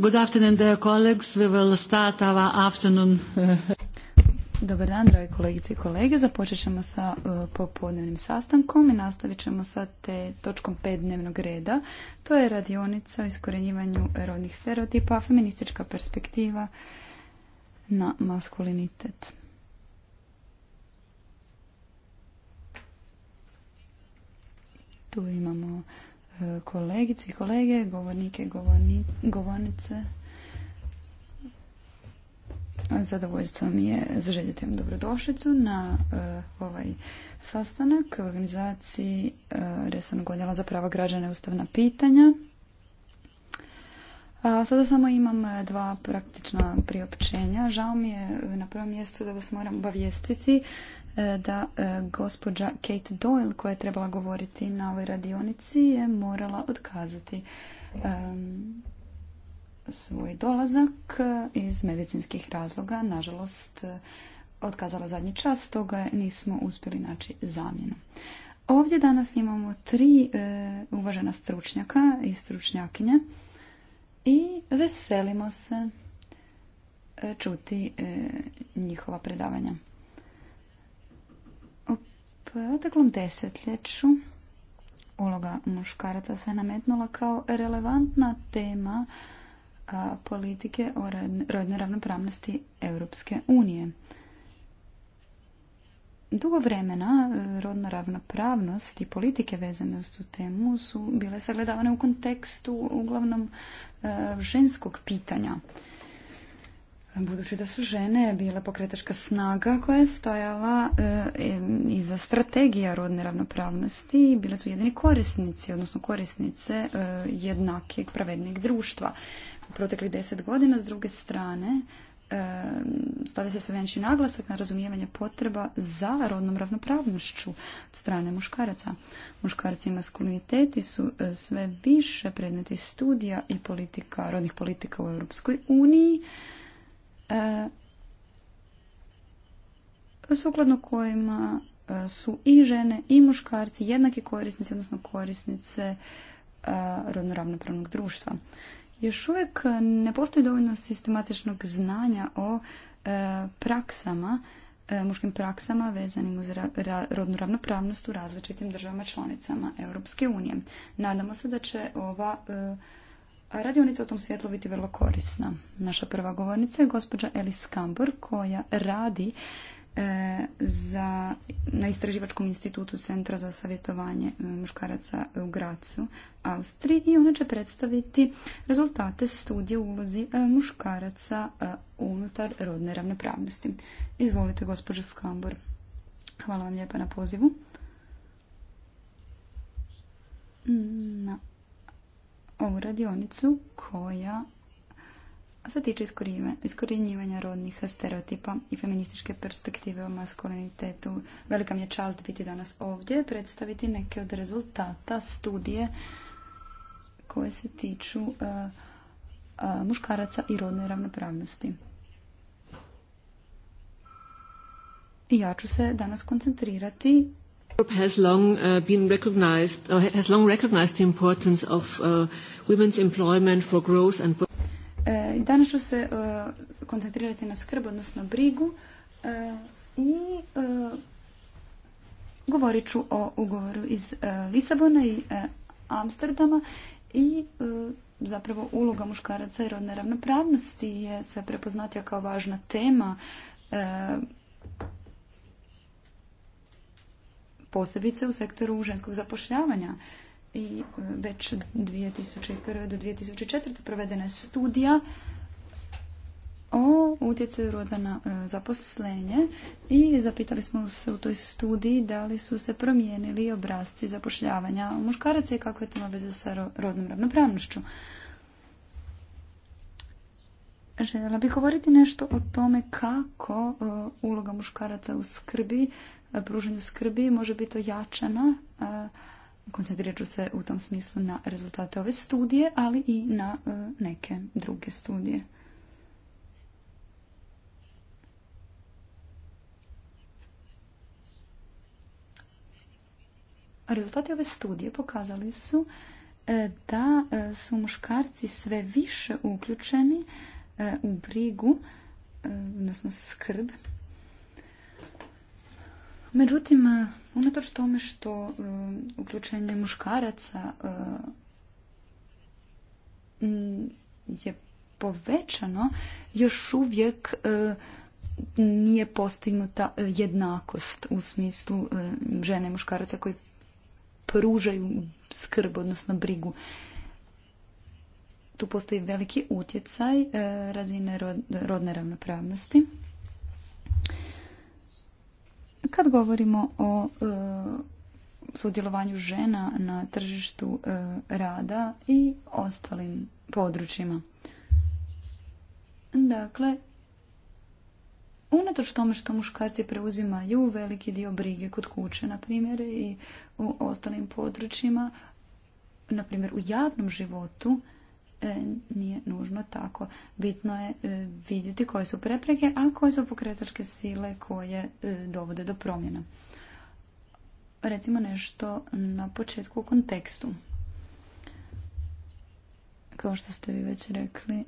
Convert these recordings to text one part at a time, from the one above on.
Good afternoon, dear colleagues. We uh, Dobar dan, drage kolegice i kolege. Započet ćemo sa uh, popodnevnim sastankom i nastavit ćemo sa te točkom pet dnevnog reda. To je radionica o iskorenjivanju rodnih stereotipa, feministička perspektiva na maskulinitet. Tu imamo kolegice i kolege, govornike govornice. Zadovoljstvo mi je zaželjeti vam dobrodošlicu na eh, ovaj sastanak u organizaciji uh, Resornog odjela za prava građana i ustavna pitanja. sada samo imam eh, dva praktična priopćenja. Žao mi je na prvom mjestu da vas moram obavijestiti E, da e, gospođa Kate Doyle koja je trebala govoriti na ovoj radionici je morala odkazati svoj dolazak iz medicinskih razloga. Nažalost, e, otkazala zadnji čas, toga nismo uspjeli naći zamjenu. Ovdje danas imamo tri uvažena stručnjaka i stručnjakinje i veselimo se čuti njihova predavanja. Dakle, proteklom desetljeću uloga muškaraca se nametnula kao relevantna tema politike o rodnoj ravnopravnosti Europske unije. Dugo vremena e, rodna ravnopravnost i politike vezane uz tu temu su bile sagledavane u kontekstu uglavnom e, ženskog pitanja budući da su žene bile pokretačka snaga koja je stajala e, e, iza strategija rodne ravnopravnosti i bile su jedini korisnici, odnosno korisnice jednakeg jednakijeg pravednijeg društva. U proteklih deset godina, s druge strane, e, stavlja se sve veći naglasak na razumijevanje potreba za rodnom ravnopravnošću od strane muškaraca. Muškarci i maskuliniteti su sve više predmeti studija i politika, rodnih politika u Europskoj uniji, E, sukladno kojima e, su i žene i muškarci jednaki korisnici, odnosno korisnice e, rodno ravnopravnog društva. Još uvijek ne postoji dovoljno sistematičnog znanja o praksama, muškim praksama vezanim uz rodnu ravnopravnost u različitim državama članicama Europske unije. Nadamo se da će ova radionica u tom svjetlu biti vrlo korisna. Naša prva govornica je gospođa Elis Kambor koja radi e, za, na Istraživačkom institutu Centra za savjetovanje e, muškaraca u Gracu, Austriji i ona će predstaviti rezultate studije ulozi e, muškaraca unutar rodne ravnopravnosti. Izvolite gospođa Skambor. Hvala vam lijepa na pozivu. Na ovu radionicu koja se tiče iskorjenjivanja rodnih stereotipa i feminističke perspektive o maskulinitetu. Velika mi je čast biti danas ovdje, predstaviti neke od rezultata studije koje se tiču e, e, muškaraca i rodne ravnopravnosti. I ja ću se danas koncentrirati has danas ću se e, koncentrirati na skrb, odnosno brigu e, i e, govorit ću o ugovoru iz Lisabona i Amsterdama i zapravo uloga muškaraca i rodne ravnopravnosti je sve prepoznatija kao važna tema posebice u sektoru ženskog zapošljavanja. I e, već 2001. do 2004. provedena je studija o utjecaju roda na e, zaposlenje i zapitali smo se u toj studiji da li su se promijenili obrazci zapošljavanja muškaraca i kako je to veze sa rodnom ravnopravnošću. Željela bih govoriti nešto o tome kako e, uloga muškaraca u skrbi pružanju skrbi može biti ojačana. Koncentrirat ću se u tom smislu na rezultate ove studije, ali i na e, neke druge studije. Rezultati ove studije pokazali su e, da e, su muškarci sve više uključeni u brigu, odnosno skrb Međutim, e, unatoč tome što e, uključenje muškaraca e, je povećano, još uvijek nije postignuta jednakost u smislu žene i muškaraca koji pružaju skrb, odnosno brigu. Tu postoji veliki utjecaj razine rodne ravnopravnosti. Kad govorimo o e, sudjelovanju žena na tržištu e, rada i ostalim područjima. Dakle, unatoč tome što muškarci preuzimaju veliki dio brige kod kuće, na primjer, i u ostalim područjima, na primjer u javnom životu, E, nije nužno tako. Bitno je e, vidjeti koje su prepreke, a koje su pokretačke sile koje e, dovode do promjena. Recimo nešto na početku u kontekstu. Kao što ste vi već rekli,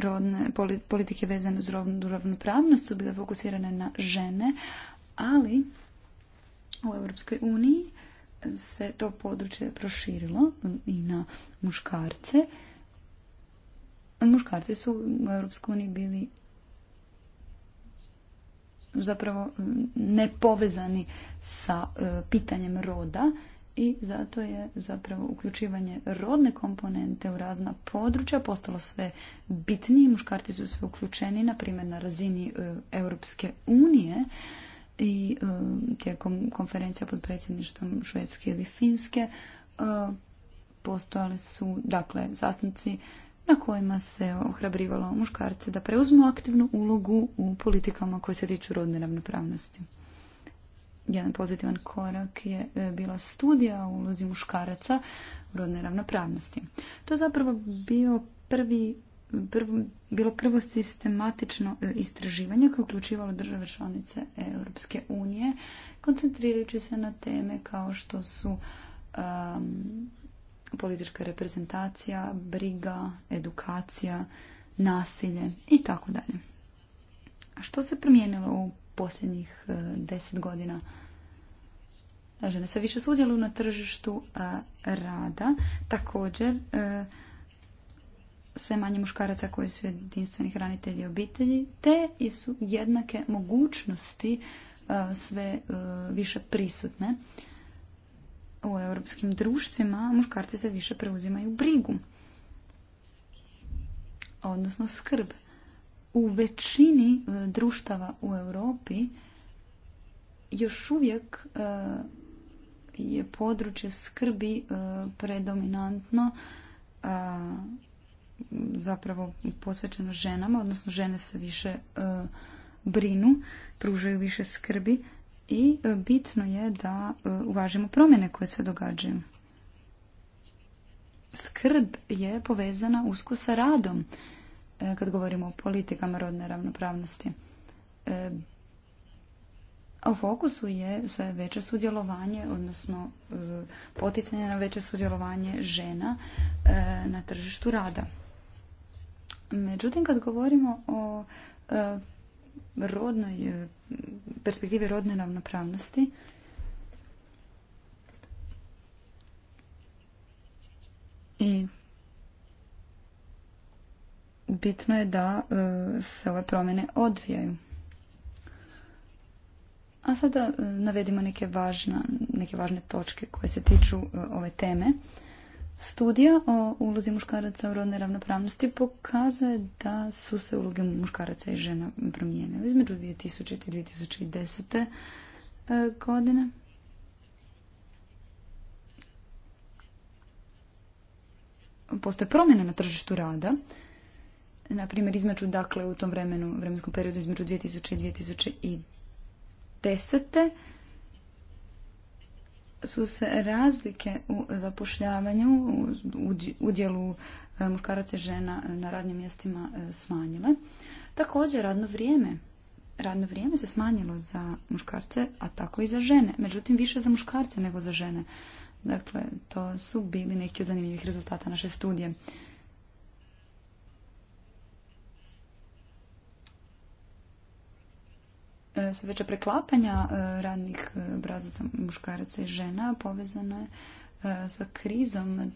rodne politike vezane uz rodnu ravnopravnost su bile fokusirane na žene, ali u Europskoj uniji se to područje proširilo i na muškarce. Muškarci su u Europskoj uniji bili zapravo nepovezani sa e, pitanjem roda i zato je zapravo uključivanje rodne komponente u razna područja postalo sve bitnije. Muškarci su sve uključeni, na primjer na razini e, Europske unije i e, tijekom konferencija pod predsjedništvom Švedske ili Finske e, postojali su dakle sastanci na kojima se ohrabrivalo muškarce da preuzmu aktivnu ulogu u politikama koje se tiču rodne ravnopravnosti. Jedan pozitivan korak je e, bila studija o ulozi muškaraca u rodne ravnopravnosti. To je zapravo bio prvi prvo, bilo prvo sistematično e, istraživanje koje uključivalo države članice Europske unije, koncentrirajući se na teme kao što su politička reprezentacija, briga, edukacija, nasilje i tako dalje. A što se promijenilo u posljednjih e, deset godina? Žene sve više sudjeluju na tržištu e, rada. Također, sve manje muškaraca koji su jedinstveni hranitelji obitelji, te su jednake mogućnosti e, sve e, više prisutne u europskim društvima, muškarci se više preuzimaju brigu, odnosno skrb. U većini e, društava u Europi još uvijek je područje skrbi predominantno zapravo posvećeno ženama, odnosno žene se više e, brinu, pružaju više skrbi i e, bitno je da e, uvažimo promjene koje se događaju. Skrb je povezana usko sa radom kad govorimo o politikama rodne ravnopravnosti. A u fokusu je sve veće sudjelovanje, odnosno poticanje na veće sudjelovanje žena na tržištu rada. Međutim, kad govorimo o e, rodnoj, e, perspektivi rodne ravnopravnosti, i bitno je da e, se ove promjene odvijaju. A sada navedimo neke, neke važne točke koje se tiču ove teme. Studija o ulozi muškaraca u rodnoj ravnopravnosti pokazuje da su se uloge muškaraca i žena promijenile između 2000. i 2010. E, godine. Postoje promjene na tržištu rada. Na primjer, između, dakle, u tom vremenu, vremenskom periodu između 2000 i 2010 su se razlike u zapošljavanju u udjelu e, muškaraca i žena na radnim mjestima e, smanjile. Također radno vrijeme. Radno vrijeme se smanjilo za muškarce, a tako i za žene. Međutim, više za muškarce nego za žene. Dakle, to su bili neki od zanimljivih rezultata naše studije. E, sve veća preklapanja e, radnih e, obrazaca muškaraca i žena povezano je sa krizom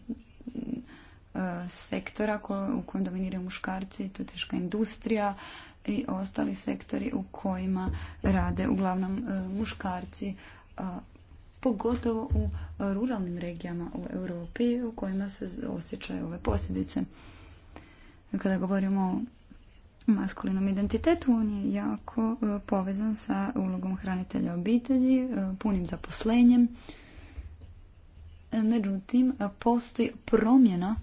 sektora u kojem dominiraju muškarci, to je teška industrija i ostali sektori u kojima rade uglavnom muškarci, pogotovo u ruralnim regijama u Europi u kojima se osjećaju ove posljedice. Kada govorimo o maskulinom identitetu. On je jako e, povezan sa ulogom hranitelja obitelji, e, punim zaposlenjem. E, međutim, postoji promjena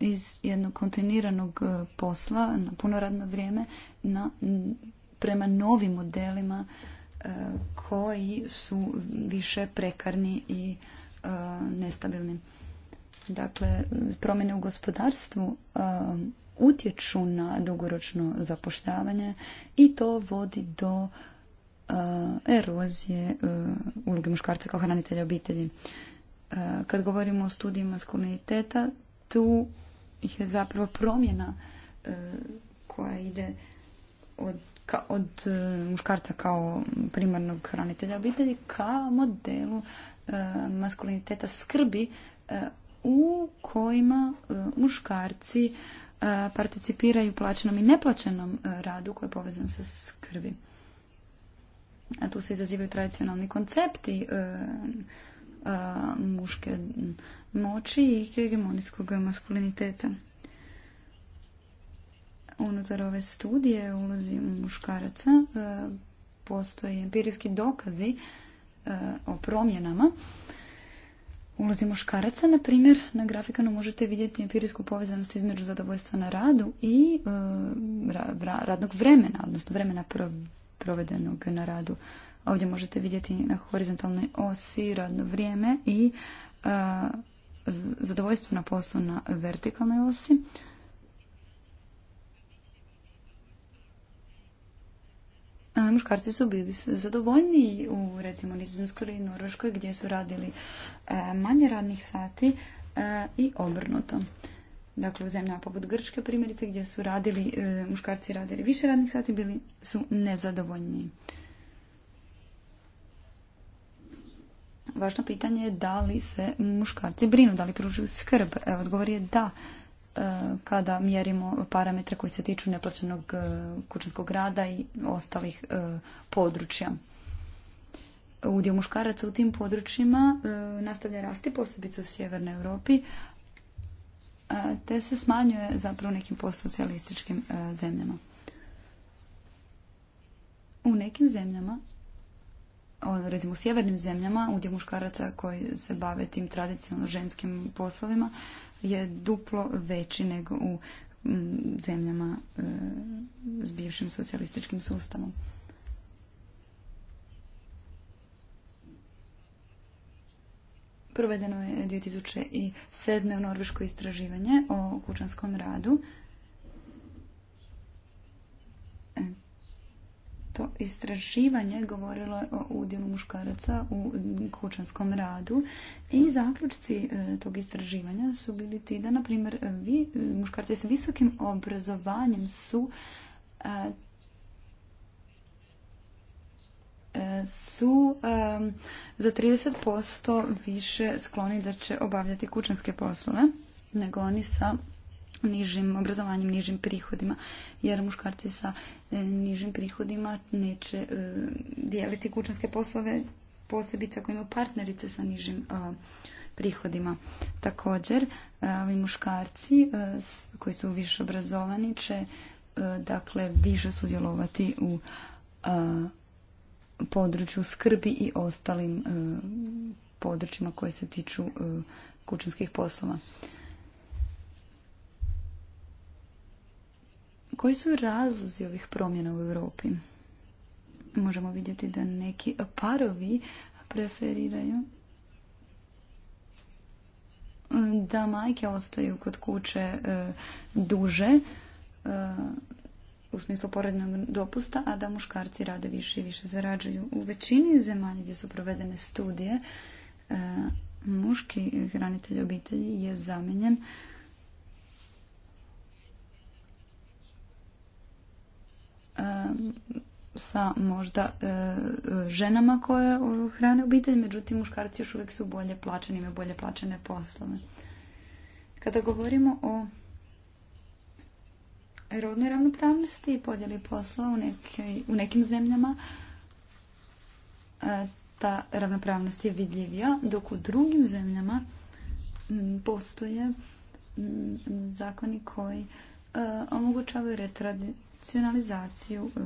iz jednog kontinuiranog posla na puno radno vrijeme na, prema novim modelima koji su više prekarni i nestabilni. Dakle, promjene u gospodarstvu utječu na dugoročno zapošljavanje i to vodi do e, erozije e, uloge muškarca kao hranitelja obitelji. E, kad govorimo o studiju maskuliniteta, tu ih je zapravo promjena koja ide od, od muškarca kao primarnog hranitelja obitelji ka modelu maskuliniteta skrbi u kojima muškarci E, participiraju plaćenom i neplaćenom e, radu koji je povezan sa skrbi. A tu se izazivaju tradicionalni koncepti e, muške moći i hegemonijskog maskuliniteta. Unutar ove studije ulozi muškaraca postoje empirijski dokazi o promjenama ulozi muškaraca, na primjer, na grafikanu možete vidjeti empirijsku povezanost između zadovoljstva na radu i e, radnog vremena, odnosno vremena provedenog na radu. Ovdje možete vidjeti na horizontalnoj osi radno vrijeme i e, zadovoljstvo na poslu na vertikalnoj osi. muškarci su bili zadovoljni u recimo Nizozemskoj ili Norveškoj gdje su radili e, manje radnih sati e, i obrnuto. Dakle, u zemljama poput Grčke primjerice gdje su radili, e, muškarci radili više radnih sati, bili su nezadovoljni. Važno pitanje je da li se muškarci brinu, da li pružuju skrb. Odgovor je da kada mjerimo parametre koji se tiču neplaćenog e, kućanskog rada i ostalih e, područja. Udio muškaraca u tim područjima e, nastavlja rasti, posebice u sjevernoj Europi, te se smanjuje zapravo nekim postsocijalističkim zemljama. U nekim zemljama, recimo u sjevernim zemljama, udje muškaraca koji se bave tim tradicionalno ženskim poslovima je duplo veći nego u zemljama e, s bivšim socijalističkim sustavom. Provedeno je 2007. u Norveško istraživanje o kućanskom radu. to istraživanje govorilo je o udjelu muškaraca u kućanskom radu i zaključci e, tog istraživanja su bili ti da, na primjer, vi, e, muškarci s visokim obrazovanjem su e, su za 30% više skloni da će obavljati kućanske poslove nego oni sa nižim obrazovanjem, nižim prihodima, jer muškarci sa e, nižim prihodima neće e, dijeliti kućanske poslove posebice ako imaju partnerice sa nižim e, prihodima. Također, ovi muškarci koji su više obrazovani će dakle više sudjelovati u području skrbi i ostalim područjima koje se tiču kućanskih poslova. Koji su razlozi ovih promjena u Europi? Možemo vidjeti da neki parovi preferiraju da majke ostaju kod kuće e, duže e, u smislu porednog dopusta, a da muškarci rade više i više zarađuju. U većini zemalja gdje su provedene studije e, muški hranitelj obitelji je zamijenjen sa možda e, ženama koje e, hrane obitelj, međutim muškarci još uvijek su bolje plaćeni, imaju bolje plaćene poslove. Kada govorimo o rodnoj ravnopravnosti i podjeli posla u, nekim zemljama, e, ta ravnopravnost je vidljivija, dok u drugim zemljama postoje zakoni koji omogućavaju retradi, institucionalizaciju e,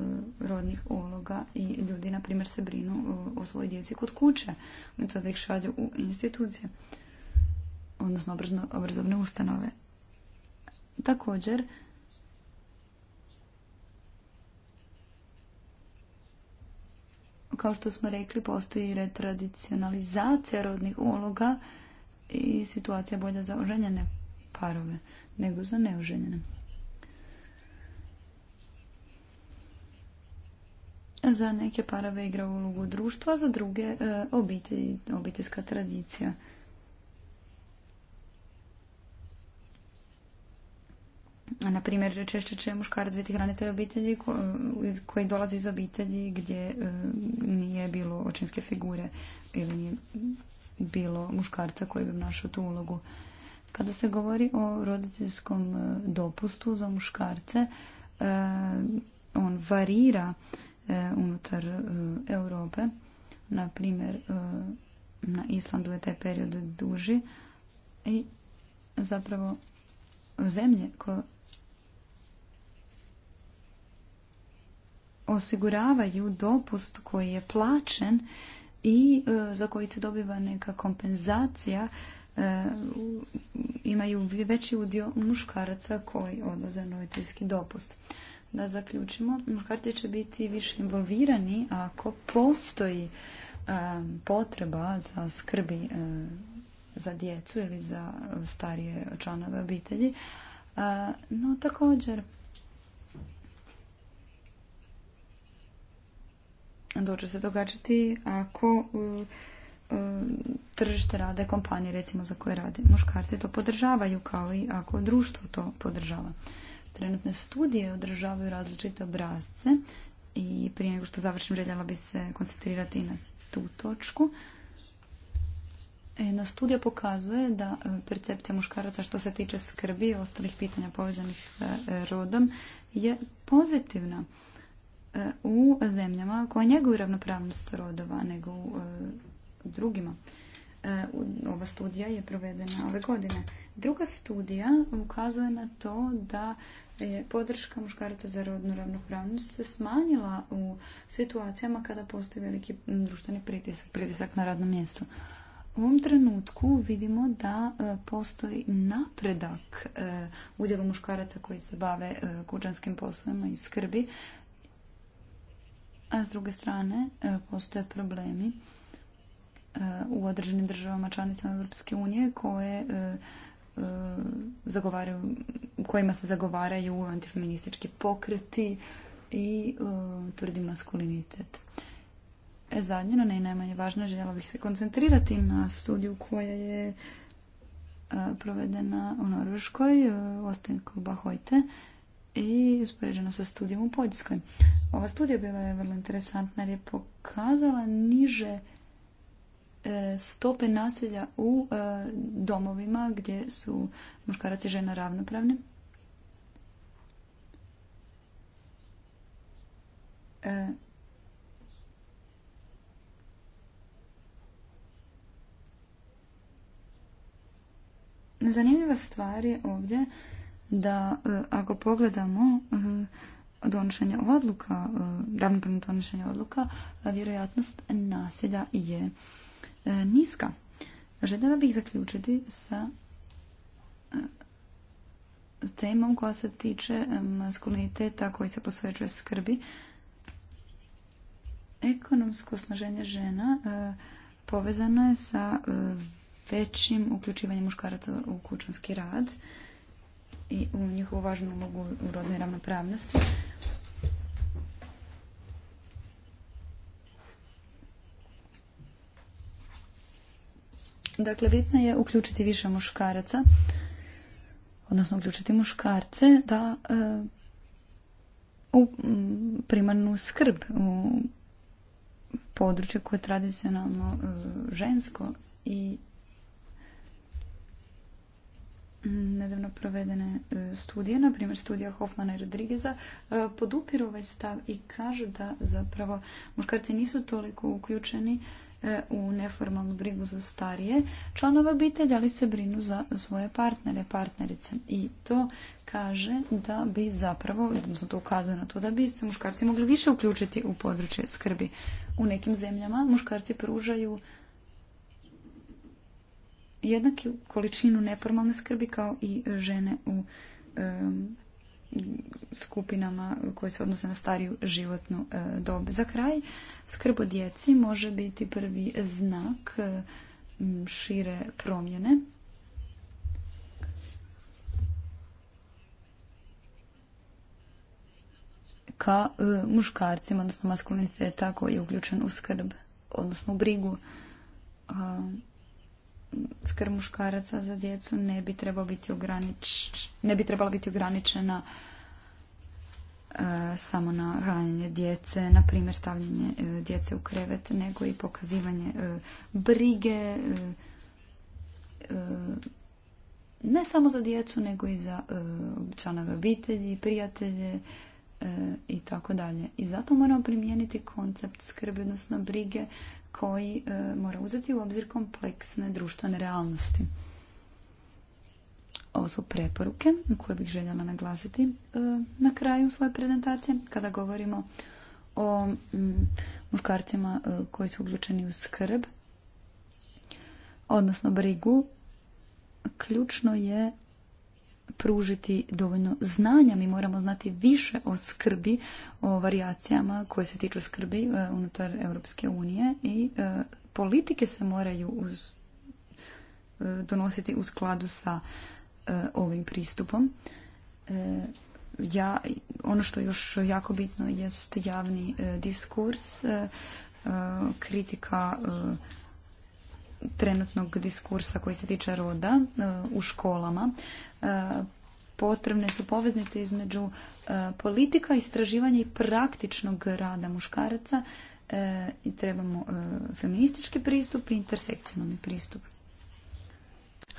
rodnih uloga i ljudi, na primjer, se brinu e, o svojoj djeci kod kuće, umjesto da ih šalju u institucije, odnosno obrazovne ustanove. Također, kao što smo rekli, postoji retradicionalizacija rodnih uloga i situacija bolja za oženjene parove nego za neoženjene. Za neke parove igra ulogu društva, za druge e, obitelj, obiteljska tradicija. na primjer češće će muškarac biti hranitelj obitelji e, koji dolazi iz obitelji gdje e, nije bilo očinske figure ili nije bilo muškarca koji bi našao tu ulogu. Kada se govori o roditeljskom dopustu za muškarce, on varira E, unutar e, Europe. Na primjer, e, na Islandu je taj period duži i zapravo zemlje koje osiguravaju dopust koji je plaćen i za koji se dobiva neka kompenzacija imaju veći udio muškaraca koji odlaze na roditeljski dopust da zaključimo, muškarci će biti više involvirani ako postoji potreba za skrbi za djecu ili za starije članove obitelji. No također to će se događati ako tržište rade kompanije recimo za koje rade muškarci to podržavaju kao i ako društvo to podržava. Trenutne studije održavaju različite obrazce i prije nego što završim željela bi se koncentrirati na tu točku. Jedna studija pokazuje da e, percepcija muškaraca što se tiče skrbi i ostalih pitanja povezanih s e, rodom je pozitivna e, u zemljama koje njeguju ravnopravnost rodova nego u drugima. Ova studija je provedena ove godine. Druga studija ukazuje na to da je podrška muškaraca za rodnu ravnopravnost se smanjila u situacijama kada postoji veliki društveni pritisak, pritisak na radnom mjestu. U ovom trenutku vidimo da e, postoji napredak e, udjelu muškaraca koji se bave e, kućanskim poslovima i skrbi, a s druge strane postoje problemi u određenim državama članicama Europske unije koje E, zagovaraju, u kojima se zagovaraju antifeministički pokreti i e, tvrdi maskulinitet. E, zadnje, ne i najmanje važno, željela bih se koncentrirati na studiju koja je e, provedena u Norveškoj, Ostenko Bahojte, i uspoređena sa studijom u Poljskoj. Ova studija bila je vrlo interesantna jer je pokazala niže E, stope nasilja u e, domovima gdje su muškarac i žena ravnopravni. E, Zanimljiva stvar je ovdje da ako pogledamo donošenje odluka, ravnopravno donošenje odluka, vjerojatnost nasilja je E, niska. Željela bih zaključiti sa e, temom koja se tiče e, maskuliniteta koji se posvećuje skrbi. Ekonomsko osnaženje žena povezano je sa većim uključivanjem muškaraca u kućanski rad i u njihovu važnu ulogu u rodnoj ravnopravnosti Dakle, bitno je uključiti više muškaraca, odnosno uključiti muškarce da e, u primarnu skrb u područje koje je tradicionalno e, žensko i nedavno provedene e, studije, na primjer studija Hoffmana i Rodrigueza, podupiru ovaj stav i kažu da zapravo muškarci nisu toliko uključeni E, u neformalnu brigu za starije članova obitelji, ali se brinu za svoje partnere, partnerice. I to kaže da bi zapravo, odnosno to ukazuje na to, da bi se muškarci mogli više uključiti u područje skrbi. U nekim zemljama muškarci pružaju jednaku količinu neformalne skrbi kao i žene u skupinama koje se odnose na stariju životnu e, dobu. Za kraj, skrb o djeci može biti prvi znak e, šire promjene. ka e, muškarcima, odnosno maskuliniteta koji je uključen u skrb, odnosno u brigu skrb muškaraca za djecu ne bi trebao biti ogranič, ne bi trebala biti ograničena e, samo na hranjenje djece, na primjer stavljanje e, djece u krevet, nego i pokazivanje e, brige ne samo za djecu, nego i za članove obitelji, prijatelje i tako dalje. I zato moramo primijeniti koncept skrbi, odnosno brige koji e, mora uzeti u obzir kompleksne društvene realnosti. Ovo su preporuke koje bih željela naglasiti e, na kraju svoje prezentacije. Kada govorimo o muškarcima e, koji su uključeni u skrb, odnosno brigu, ključno je pružiti dovoljno znanja. Mi moramo znati više o skrbi, o varijacijama koje se tiču skrbi e, unutar Europske unije i e, politike se moraju e, donositi u skladu sa ovim pristupom. Ja, ono što je još jako bitno jest javni diskurs, kritika trenutnog diskursa koji se tiče roda e, u školama. E, potrebne su poveznice između e, politika, istraživanja i praktičnog rada muškaraca i trebamo feministički pristup i intersekcionalni pristup.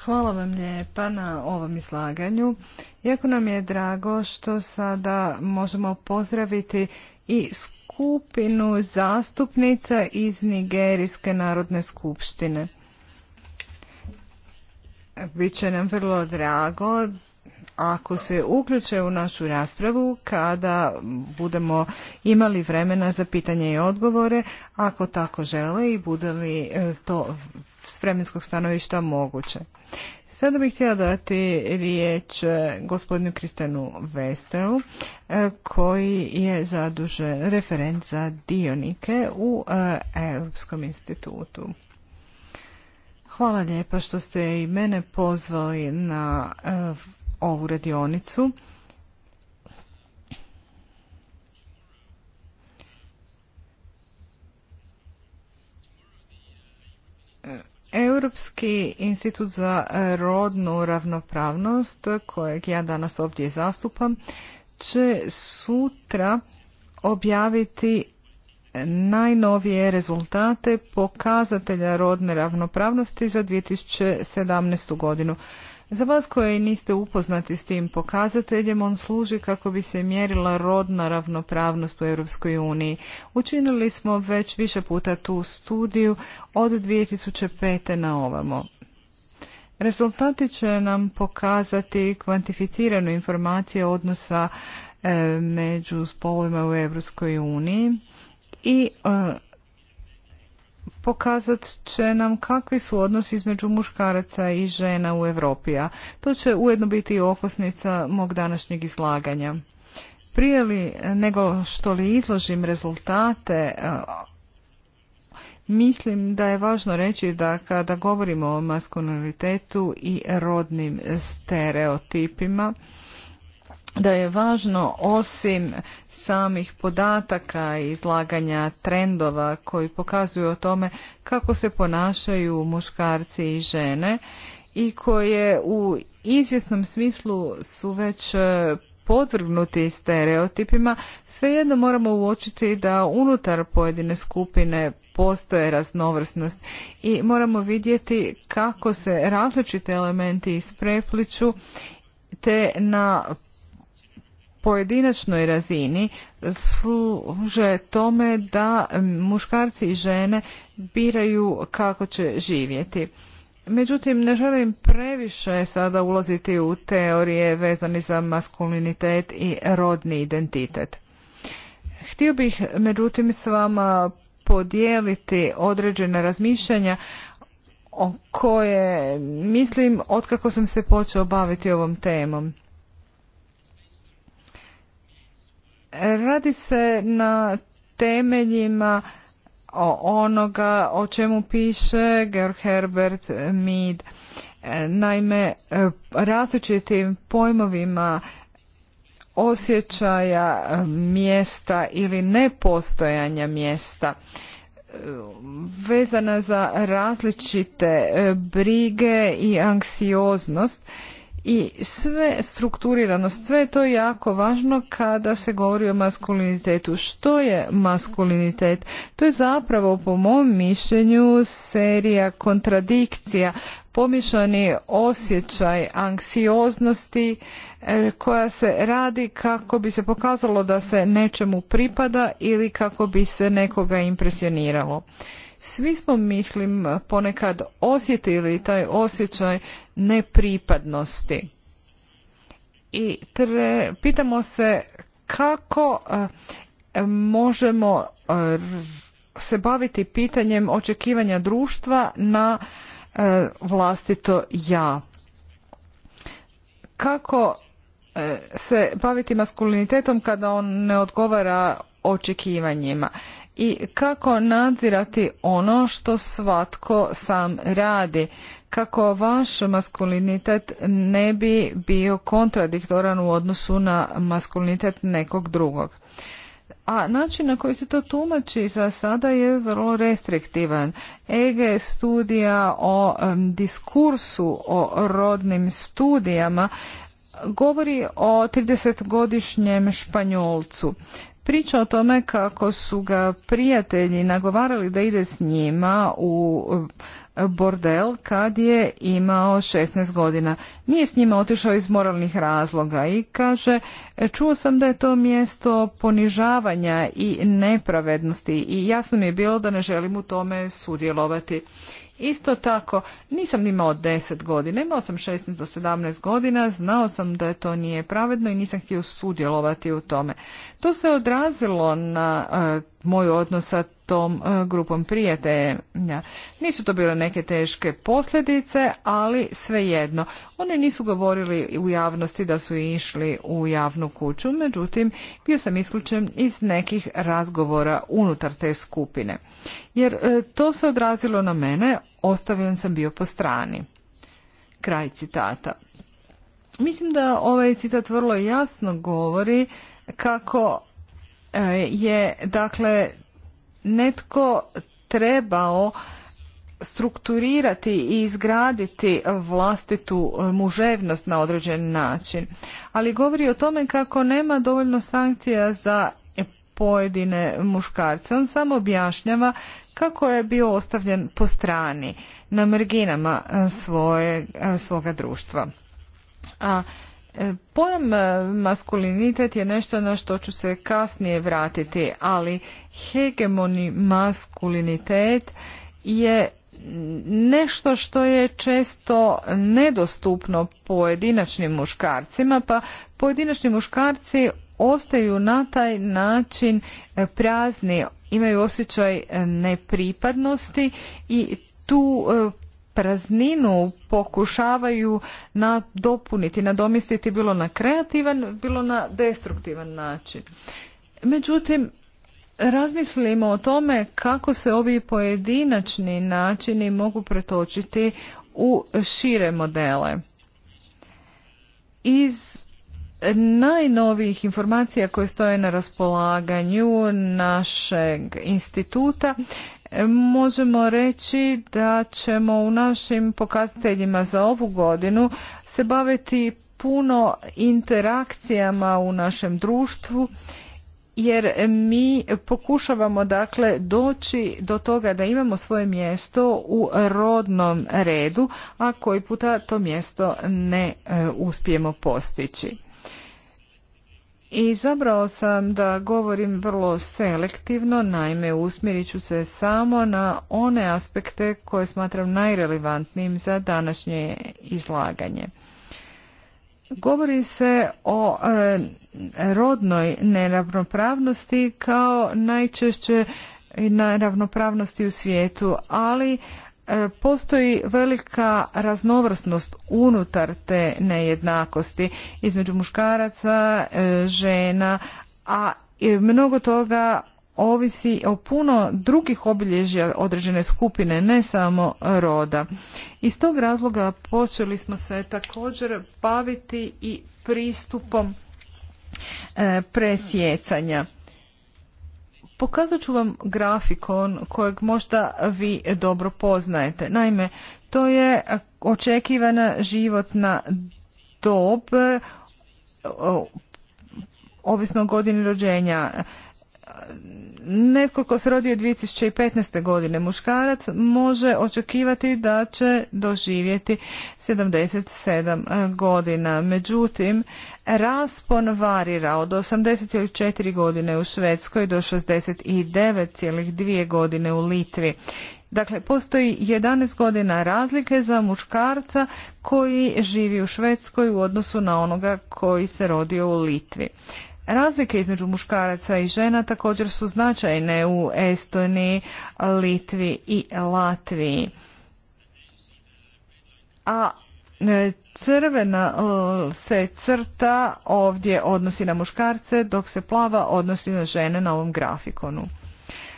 Hvala vam lijepa na ovom izlaganju. Iako nam je drago što sada možemo pozdraviti i skupinu zastupnica iz Nigerijske narodne skupštine. Biće nam vrlo drago ako se uključe u našu raspravu kada budemo imali vremena za pitanje i odgovore, ako tako žele i bude li to s vremenskog stanovišta moguće. Sada bih htjela dati riječ e, gospodinu Kristenu Vesteru, e, koji je zadužen referent za dionike u e, Europskom institutu. Hvala lijepa što ste i mene pozvali na ovu radionicu. Europski institut za rodnu ravnopravnost, kojeg ja danas ovdje zastupam, će sutra objaviti najnovije rezultate pokazatelja rodne ravnopravnosti za 2017. godinu. Za vas koji niste upoznati s tim pokazateljem, on služi kako bi se mjerila rodna ravnopravnost u Europskoj uniji. Učinili smo već više puta tu studiju od 2005. na ovamo. Rezultati će nam pokazati kvantificiranu informaciju odnosa e, među spolovima u Europskoj uniji i e, pokazat će nam kakvi su odnosi između muškaraca i žena u Europi, a to će ujedno biti i okosnica mog današnjeg izlaganja. Prije li nego što li izložim rezultate, mislim da je važno reći da kada govorimo o maskulinitetu i rodnim stereotipima, da je važno osim samih podataka i izlaganja trendova koji pokazuju o tome kako se ponašaju muškarci i žene i koje u izvjesnom smislu su već e, podvrgnuti stereotipima, svejedno moramo uočiti da unutar pojedine skupine postoje raznovrsnost i moramo vidjeti kako se različiti elementi isprepliču te na pojedinačnoj razini služe tome da muškarci i žene biraju kako će živjeti. Međutim, ne želim previše sada ulaziti u teorije vezane za maskulinitet i rodni identitet. Htio bih međutim s vama podijeliti određena razmišljanja o koje mislim otkako sam se počeo baviti ovom temom. Radi se na temeljima onoga o čemu piše Georg Herbert Mead. E, naime, e, različitim pojmovima osjećaja e, mjesta ili nepostojanja mjesta vezana za različite brige i anksioznost i sve strukturiranost, sve je to jako važno kada se govori o maskulinitetu. Što je maskulinitet? To je zapravo po mom mišljenju serija kontradikcija, pomišljani osjećaj anksioznosti e, koja se radi kako bi se pokazalo da se nečemu pripada ili kako bi se nekoga impresioniralo. Svi smo, mislim, ponekad osjetili taj osjećaj nepripadnosti. I pitamo se kako eh, možemo eh, se baviti pitanjem očekivanja društva na eh, vlastito ja. Kako se baviti maskulinitetom kada on ne odgovara očekivanjima i kako nadzirati ono što svatko sam radi, kako vaš maskulinitet ne bi bio kontradiktoran u odnosu na maskulinitet nekog drugog. A način na koji se to tumači za sada je vrlo restriktivan. EGE studija o diskursu o rodnim studijama govori o 30-godišnjem Španjolcu Priča o tome kako su ga prijatelji nagovarali da ide s njima u bordel kad je imao 16 godina. Nije s njima otišao iz moralnih razloga i kaže čuo sam da je to mjesto ponižavanja i nepravednosti i jasno mi je bilo da ne želim u tome sudjelovati. Isto tako, nisam imao 10 godina, imao sam 16 do 17 godina, znao sam da to nije pravedno i nisam htio sudjelovati u tome. To se odrazilo na e, moj odnos sa tom e, grupom prijatelja. Nisu to bile neke teške posljedice, ali svejedno. Oni nisu govorili u javnosti da su išli u javnu kuću, međutim bio sam isključen iz nekih razgovora unutar te skupine. Jer e, to se odrazilo na mene, ostavljen sam bio po strani. Kraj citata. Mislim da ovaj citat vrlo jasno govori kako e, je dakle netko trebao strukturirati i izgraditi vlastitu muževnost na određen način. Ali govori o tome kako nema dovoljno sankcija za pojedine muškarce. On samo objašnjava kako je bio ostavljen po strani, na marginama svoje, svoga društva. A E, pojam e, maskulinitet je nešto na što ću se kasnije vratiti, ali hegemoni maskulinitet je nešto što je često nedostupno pojedinačnim muškarcima, pa pojedinačni muškarci ostaju na taj način e, prazni, imaju osjećaj nepripadnosti i tu prazninu pokušavaju nadopuniti, nadomjestiti bilo na kreativan, bilo na destruktivan način. Međutim, razmislimo o tome kako se ovi pojedinačni načini mogu pretočiti u šire modele. Iz najnovijih informacija koje stoje na raspolaganju našeg instituta možemo reći da ćemo u našim pokazateljima za ovu godinu se baviti puno interakcijama u našem društvu jer mi pokušavamo dakle doći do toga da imamo svoje mjesto u rodnom redu, a koji puta to mjesto ne e, uspijemo postići. Izabrao sam da govorim vrlo selektivno, naime usmjerit ću se samo na one aspekte koje smatram najrelevantnijim za današnje izlaganje. Govori se o e, rodnoj neravnopravnosti kao najčešće neravnopravnosti u svijetu, ali E, postoji velika raznovrsnost unutar te nejednakosti između muškaraca, e, žena, a e, mnogo toga ovisi o puno drugih obilježja određene skupine, ne samo roda. Iz tog razloga počeli smo se također baviti i pristupom presjecanja. Pokazat ću vam grafikon kojeg možda vi dobro poznajete. Naime, to je očekivana životna dob ovisno o godini rođenja. Netko ko se rodio 2015. godine muškarac može očekivati da će doživjeti 77 e, godina. Međutim, raspon varira od 80,4 godine u Švedskoj do 69,2 godine u Litvi. Dakle, postoji 11 godina razlike za muškarca koji živi u Švedskoj u odnosu na onoga koji se rodio u Litvi. Razlike između muškaraca i žena također su značajne u Estoniji, Litvi i Latviji. A e, crvena e, se crta ovdje odnosi na muškarce, dok se plava odnosi na žene na ovom grafikonu.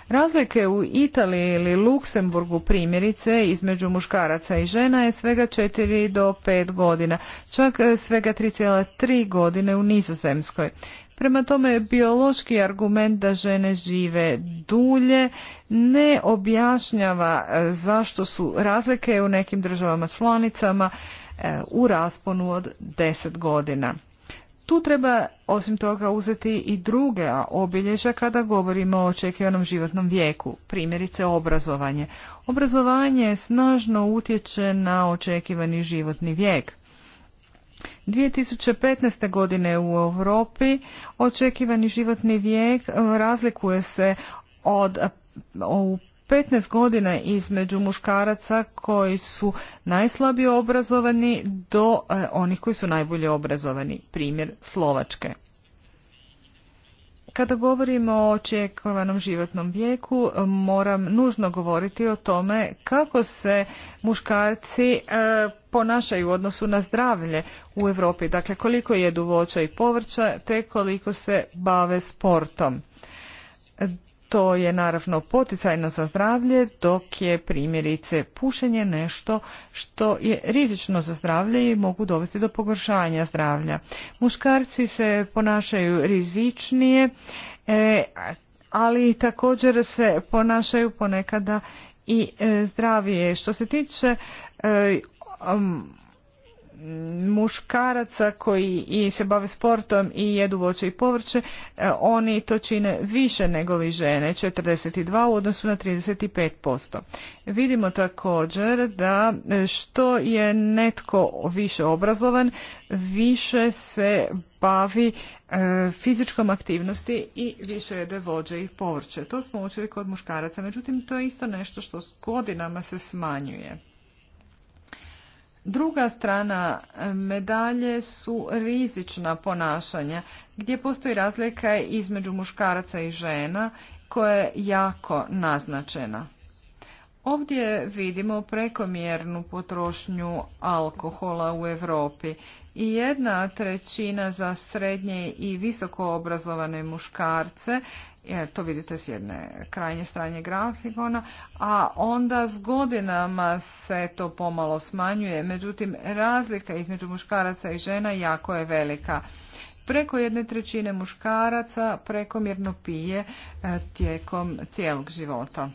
Razlike u Italiji ili Luksemburgu primjerice između muškaraca i žena je svega 4 do 5 godina, čak e, svega 3,3 godine u Nizozemskoj. Prema tome, biološki argument da žene žive dulje ne objašnjava e, zašto su razlike u nekim državama članicama E, u rasponu od 10 godina. Tu treba osim toga uzeti i druge obilježja kada govorimo o očekivanom životnom vijeku, primjerice obrazovanje. Obrazovanje snažno utječe na očekivani životni vijek. 2015. godine u Europi očekivani životni vijek razlikuje se od u 15 godina između muškaraca koji su najslabije obrazovani do e, onih koji su najbolje obrazovani, primjer Slovačke. Kada govorimo o očekovanom životnom vijeku, moram nužno govoriti o tome kako se muškarci e, ponašaju u odnosu na zdravlje u Europi, dakle koliko jedu voća i povrća, te koliko se bave sportom to je naravno poticajno za zdravlje, dok je primjerice pušenje nešto što je rizično za zdravlje i mogu dovesti do pogoršanja zdravlja. Muškarci se ponašaju rizičnije, e, ali također se ponašaju ponekada i e, zdravije. Što se tiče e, um, muškaraca koji i se bave sportom i jedu voće i povrće, e, oni to čine više nego li žene, 42 u odnosu na 35%. Vidimo također da e, što je netko više obrazovan, više se bavi e, fizičkom aktivnosti i više jede vođe i povrće. To smo učili kod muškaraca, međutim to je isto nešto što s godinama se smanjuje. Druga strana e, medalje su rizična ponašanja gdje postoji razlika između muškaraca i žena koja je jako naznačena. Ovdje vidimo prekomjernu potrošnju alkohola u Europi i jedna trećina za srednje i visoko obrazovane muškarce, E, to vidite s jedne krajnje stranje grafikona, a onda s godinama se to pomalo smanjuje. Međutim, razlika između muškaraca i žena jako je velika. Preko jedne trećine muškaraca prekomjerno pije e, tijekom cijelog života.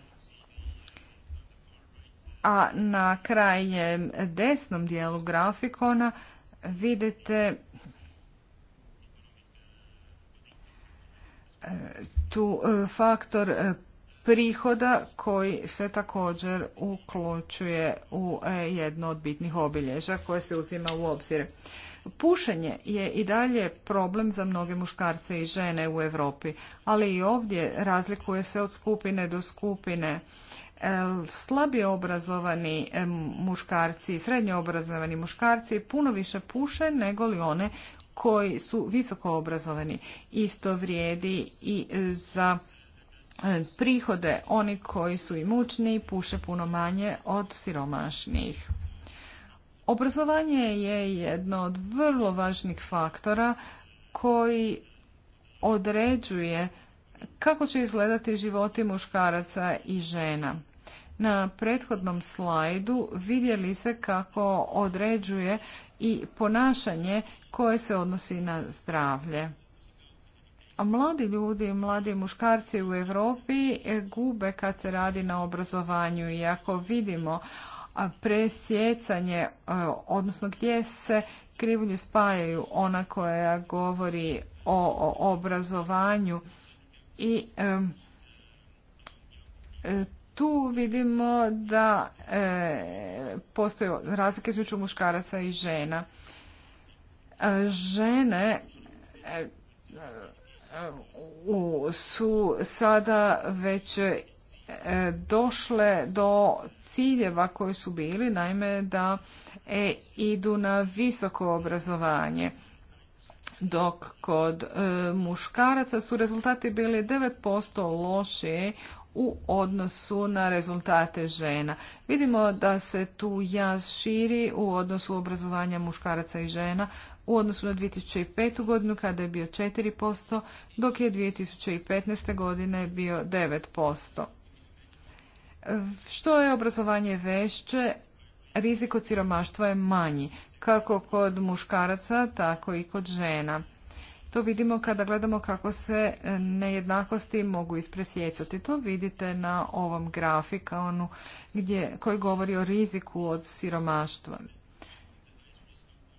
A na krajnjem desnom dijelu grafikona vidite e, tu e, faktor e, prihoda koji se također uključuje u e, jedno od bitnih obilježja koje se uzima u obzir. Pušenje je i dalje problem za mnoge muškarce i žene u Europi, ali i ovdje razlikuje se od skupine do skupine. Slabije obrazovani muškarci i srednje obrazovani muškarci puno više puše nego li one koji su visoko obrazovani. Isto vrijedi i za e, prihode oni koji su imućni puše puno manje od siromašnih. Obrazovanje je jedno od vrlo važnih faktora koji određuje kako će izgledati životi muškaraca i žena. Na prethodnom slajdu vidjeli se kako određuje i ponašanje koje se odnosi na zdravlje. A mladi ljudi, mladi muškarci u Europi e, gube kad se radi na obrazovanju i ako vidimo presjecanje, e, odnosno gdje se krivulje spajaju, ona koja govori o, obrazovanju i e, tu vidimo da postoje razlike između muškaraca i žena žene e, su sada već e, došle do ciljeva koji su bili, naime da e, idu na visoko obrazovanje. Dok kod muškaraca su rezultati bili 9% loši u odnosu na rezultate žena. Vidimo da se tu jaz širi u odnosu obrazovanja muškaraca i žena u odnosu na 2005. godinu kada je bio 4%, dok je 2015. godine bio 9%. Što je obrazovanje vešće, rizik od siromaštva je manji, kako kod muškaraca, tako i kod žena. To vidimo kada gledamo kako se e, nejednakosti mogu ispresjecati. To vidite na ovom grafikonu gdje, koji govori o riziku od siromaštva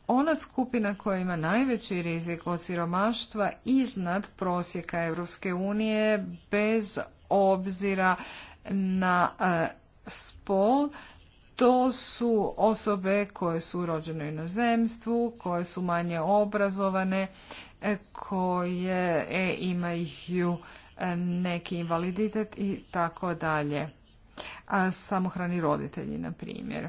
ona skupina koja ima najveći rizik od siromaštva iznad prosjeka Europske unije bez obzira na e, spol to su osobe koje su rođene u inozemstvu, koje su manje obrazovane, e, koje e imaju e, neki invaliditet i tako dalje. samohrani roditelji, na primjer.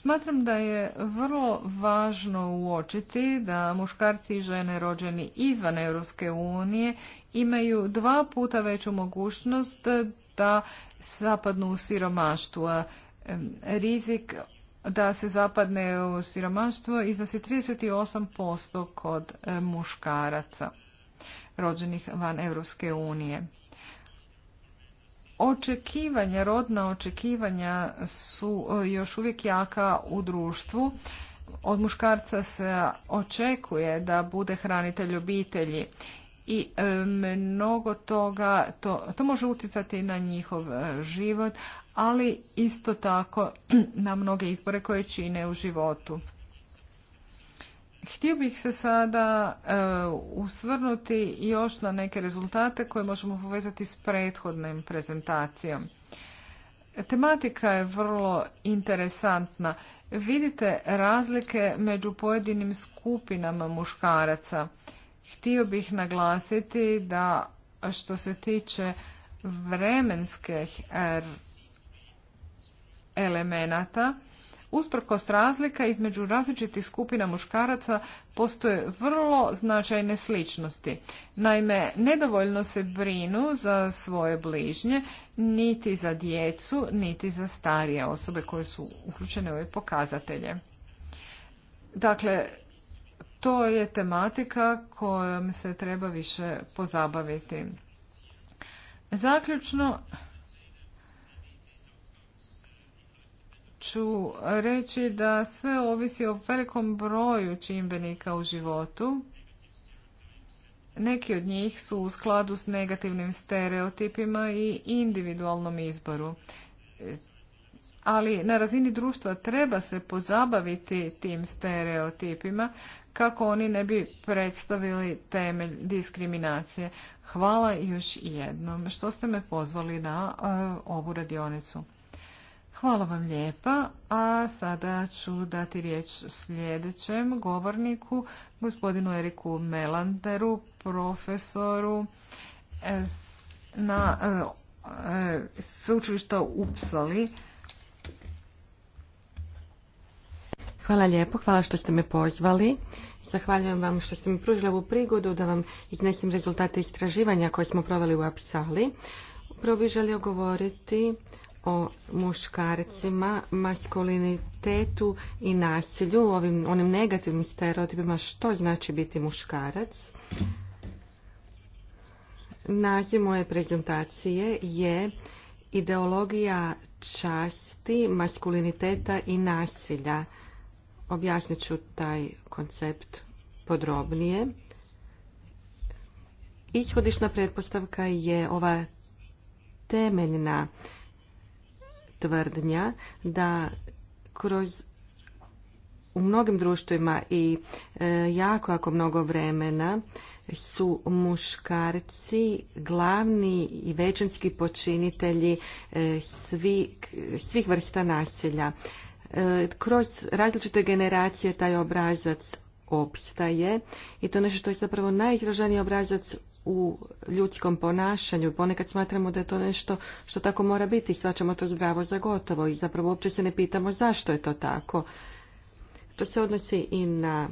Smatram da je vrlo važno uočiti da muškarci i žene rođeni izvan Europske unije imaju dva puta veću mogućnost da zapadnu u siromaštvo. Rizik da se zapadne u siromaštvo iznosi 38% kod e, muškaraca rođenih van Europske unije. Očekivanja, rodna očekivanja su e, još uvijek jaka u društvu. Od muškarca se očekuje da bude hranitelj obitelji i e, mnogo toga, to, to može utjecati na njihov e, život, ali isto tako na mnoge izbore koje čine u životu. Htio bih se sada e, usvrnuti još na neke rezultate koje možemo povezati s prethodnim prezentacijom. Tematika je vrlo interesantna. Vidite razlike među pojedinim skupinama muškaraca. Htio bih naglasiti da što se tiče vremenskih e, elemenata Usprkos razlika između različitih skupina muškaraca postoje vrlo značajne sličnosti. Naime, nedovoljno se brinu za svoje bližnje, niti za djecu, niti za starije osobe koje su uključene u ove pokazatelje. Dakle, to je tematika kojom se treba više pozabaviti. Zaključno, ću reći da sve ovisi o velikom broju čimbenika u životu. Neki od njih su u skladu s negativnim stereotipima i individualnom izboru. Ali na razini društva treba se pozabaviti tim stereotipima kako oni ne bi predstavili temelj diskriminacije. Hvala još jednom što ste me pozvali na e, ovu radionicu. Hvala vam lijepa, a sada ću dati riječ sljedećem govorniku, gospodinu Eriku Melanderu, profesoru e, na e, e, sveučilišta u Upsali. Hvala lijepo, hvala što ste me pozvali. Zahvaljujem vam što ste mi pružili ovu prigodu da vam iznesem rezultate istraživanja koje smo proveli u Apsali. Prvo bih želio govoriti o muškarcima, maskulinitetu i nasilju, ovim, onim negativnim stereotipima što znači biti muškarac. Naziv moje prezentacije je Ideologija časti, maskuliniteta i nasilja. Objasnit ću taj koncept podrobnije. Ishodišna pretpostavka je ova temeljna tvrdnja da kroz u mnogim društvima i e, jako, jako mnogo vremena su muškarci glavni i većinski počinitelji e, svih, svih vrsta nasilja. E, kroz različite generacije taj obrazac opstaje i to nešto što je zapravo najizraženiji obrazac u ljudskom ponašanju. Ponekad smatramo da je to nešto što tako mora biti i to zdravo za gotovo i zapravo uopće se ne pitamo zašto je to tako. To se odnosi i na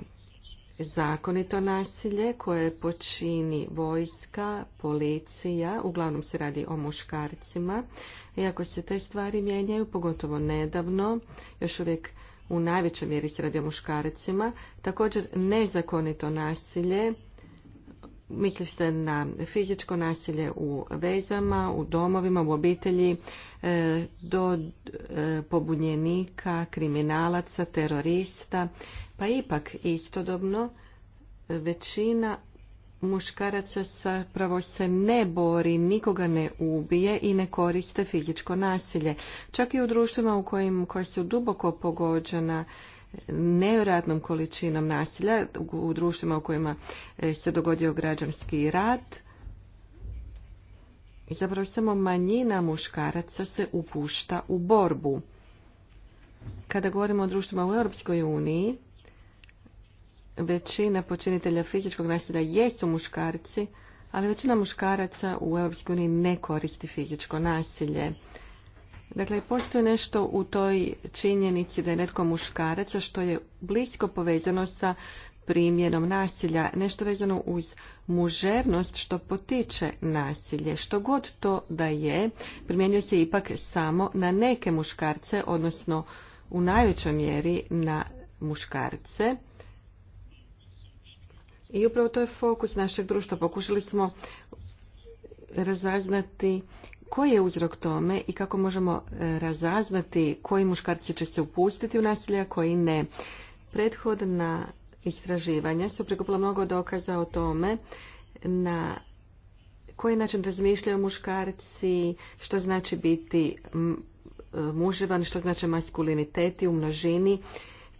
zakonito nasilje koje počini vojska, policija, uglavnom se radi o muškarcima. Iako se te stvari mijenjaju, pogotovo nedavno, još uvijek u najvećoj mjeri se radi o muškarcima, također nezakonito nasilje Misli se na fizičko nasilje u vezama, u domovima, u obitelji, e, do e, pobunjenika, kriminalaca, terorista. Pa ipak istodobno većina muškaraca zapravo se ne bori, nikoga ne ubije i ne koriste fizičko nasilje. Čak i u društvima u kojim, koja su duboko pogođena nevjerojatnom količinom nasilja u društvima u kojima eh, se dogodio građanski rat. Zapravo samo manjina muškaraca se upušta u borbu. Kada govorimo o društvima u Europskoj uniji, većina počinitelja fizičkog nasilja jesu muškarci, ali većina muškaraca u uniji ne koristi fizičko nasilje. Dakle, postoji nešto u toj činjenici da je netko muškaraca što je blisko povezano sa primjenom nasilja, nešto vezano uz mužernost što potiče nasilje. Što god to da je, primjenjuje se ipak samo na neke muškarce, odnosno u najvećoj mjeri na muškarce. I upravo to je fokus našeg društva. Pokušali smo razaznati koji je uzrok tome i kako možemo e, razaznati koji muškarci će se upustiti u nasilje, a koji ne. Prethodna istraživanja su prikupila mnogo dokaza o tome na koji način razmišljaju muškarci, što znači biti muževan, e, što znači maskuliniteti u množini.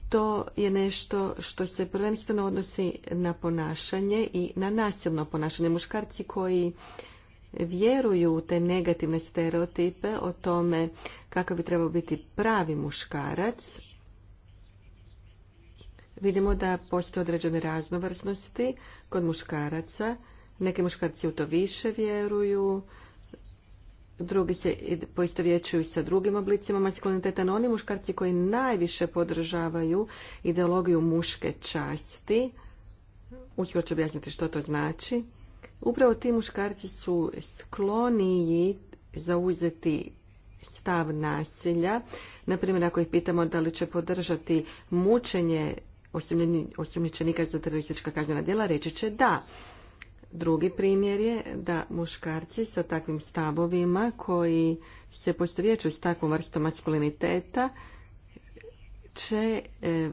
To je nešto što se prvenstveno odnosi na ponašanje i na nasilno ponašanje. Muškarci koji vjeruju u te negativne stereotipe o tome kako bi trebao biti pravi muškarac. Vidimo da postoje određene raznovrsnosti kod muškaraca. Neki muškarci u to više vjeruju, drugi se poistovjećuju sa drugim oblicima maskuliniteta, no oni muškarci koji najviše podržavaju ideologiju muške časti, uskoro ću objasniti što to znači, Upravo ti muškarci su skloniji zauzeti stav nasilja. Naprimjer, ako ih pitamo da li će podržati mučenje osumnjičenika za teroristička kaznena djela, reći će da. Drugi primjer je da muškarci sa takvim stavovima koji se postavljaju s takvom vrstom maskuliniteta će, e,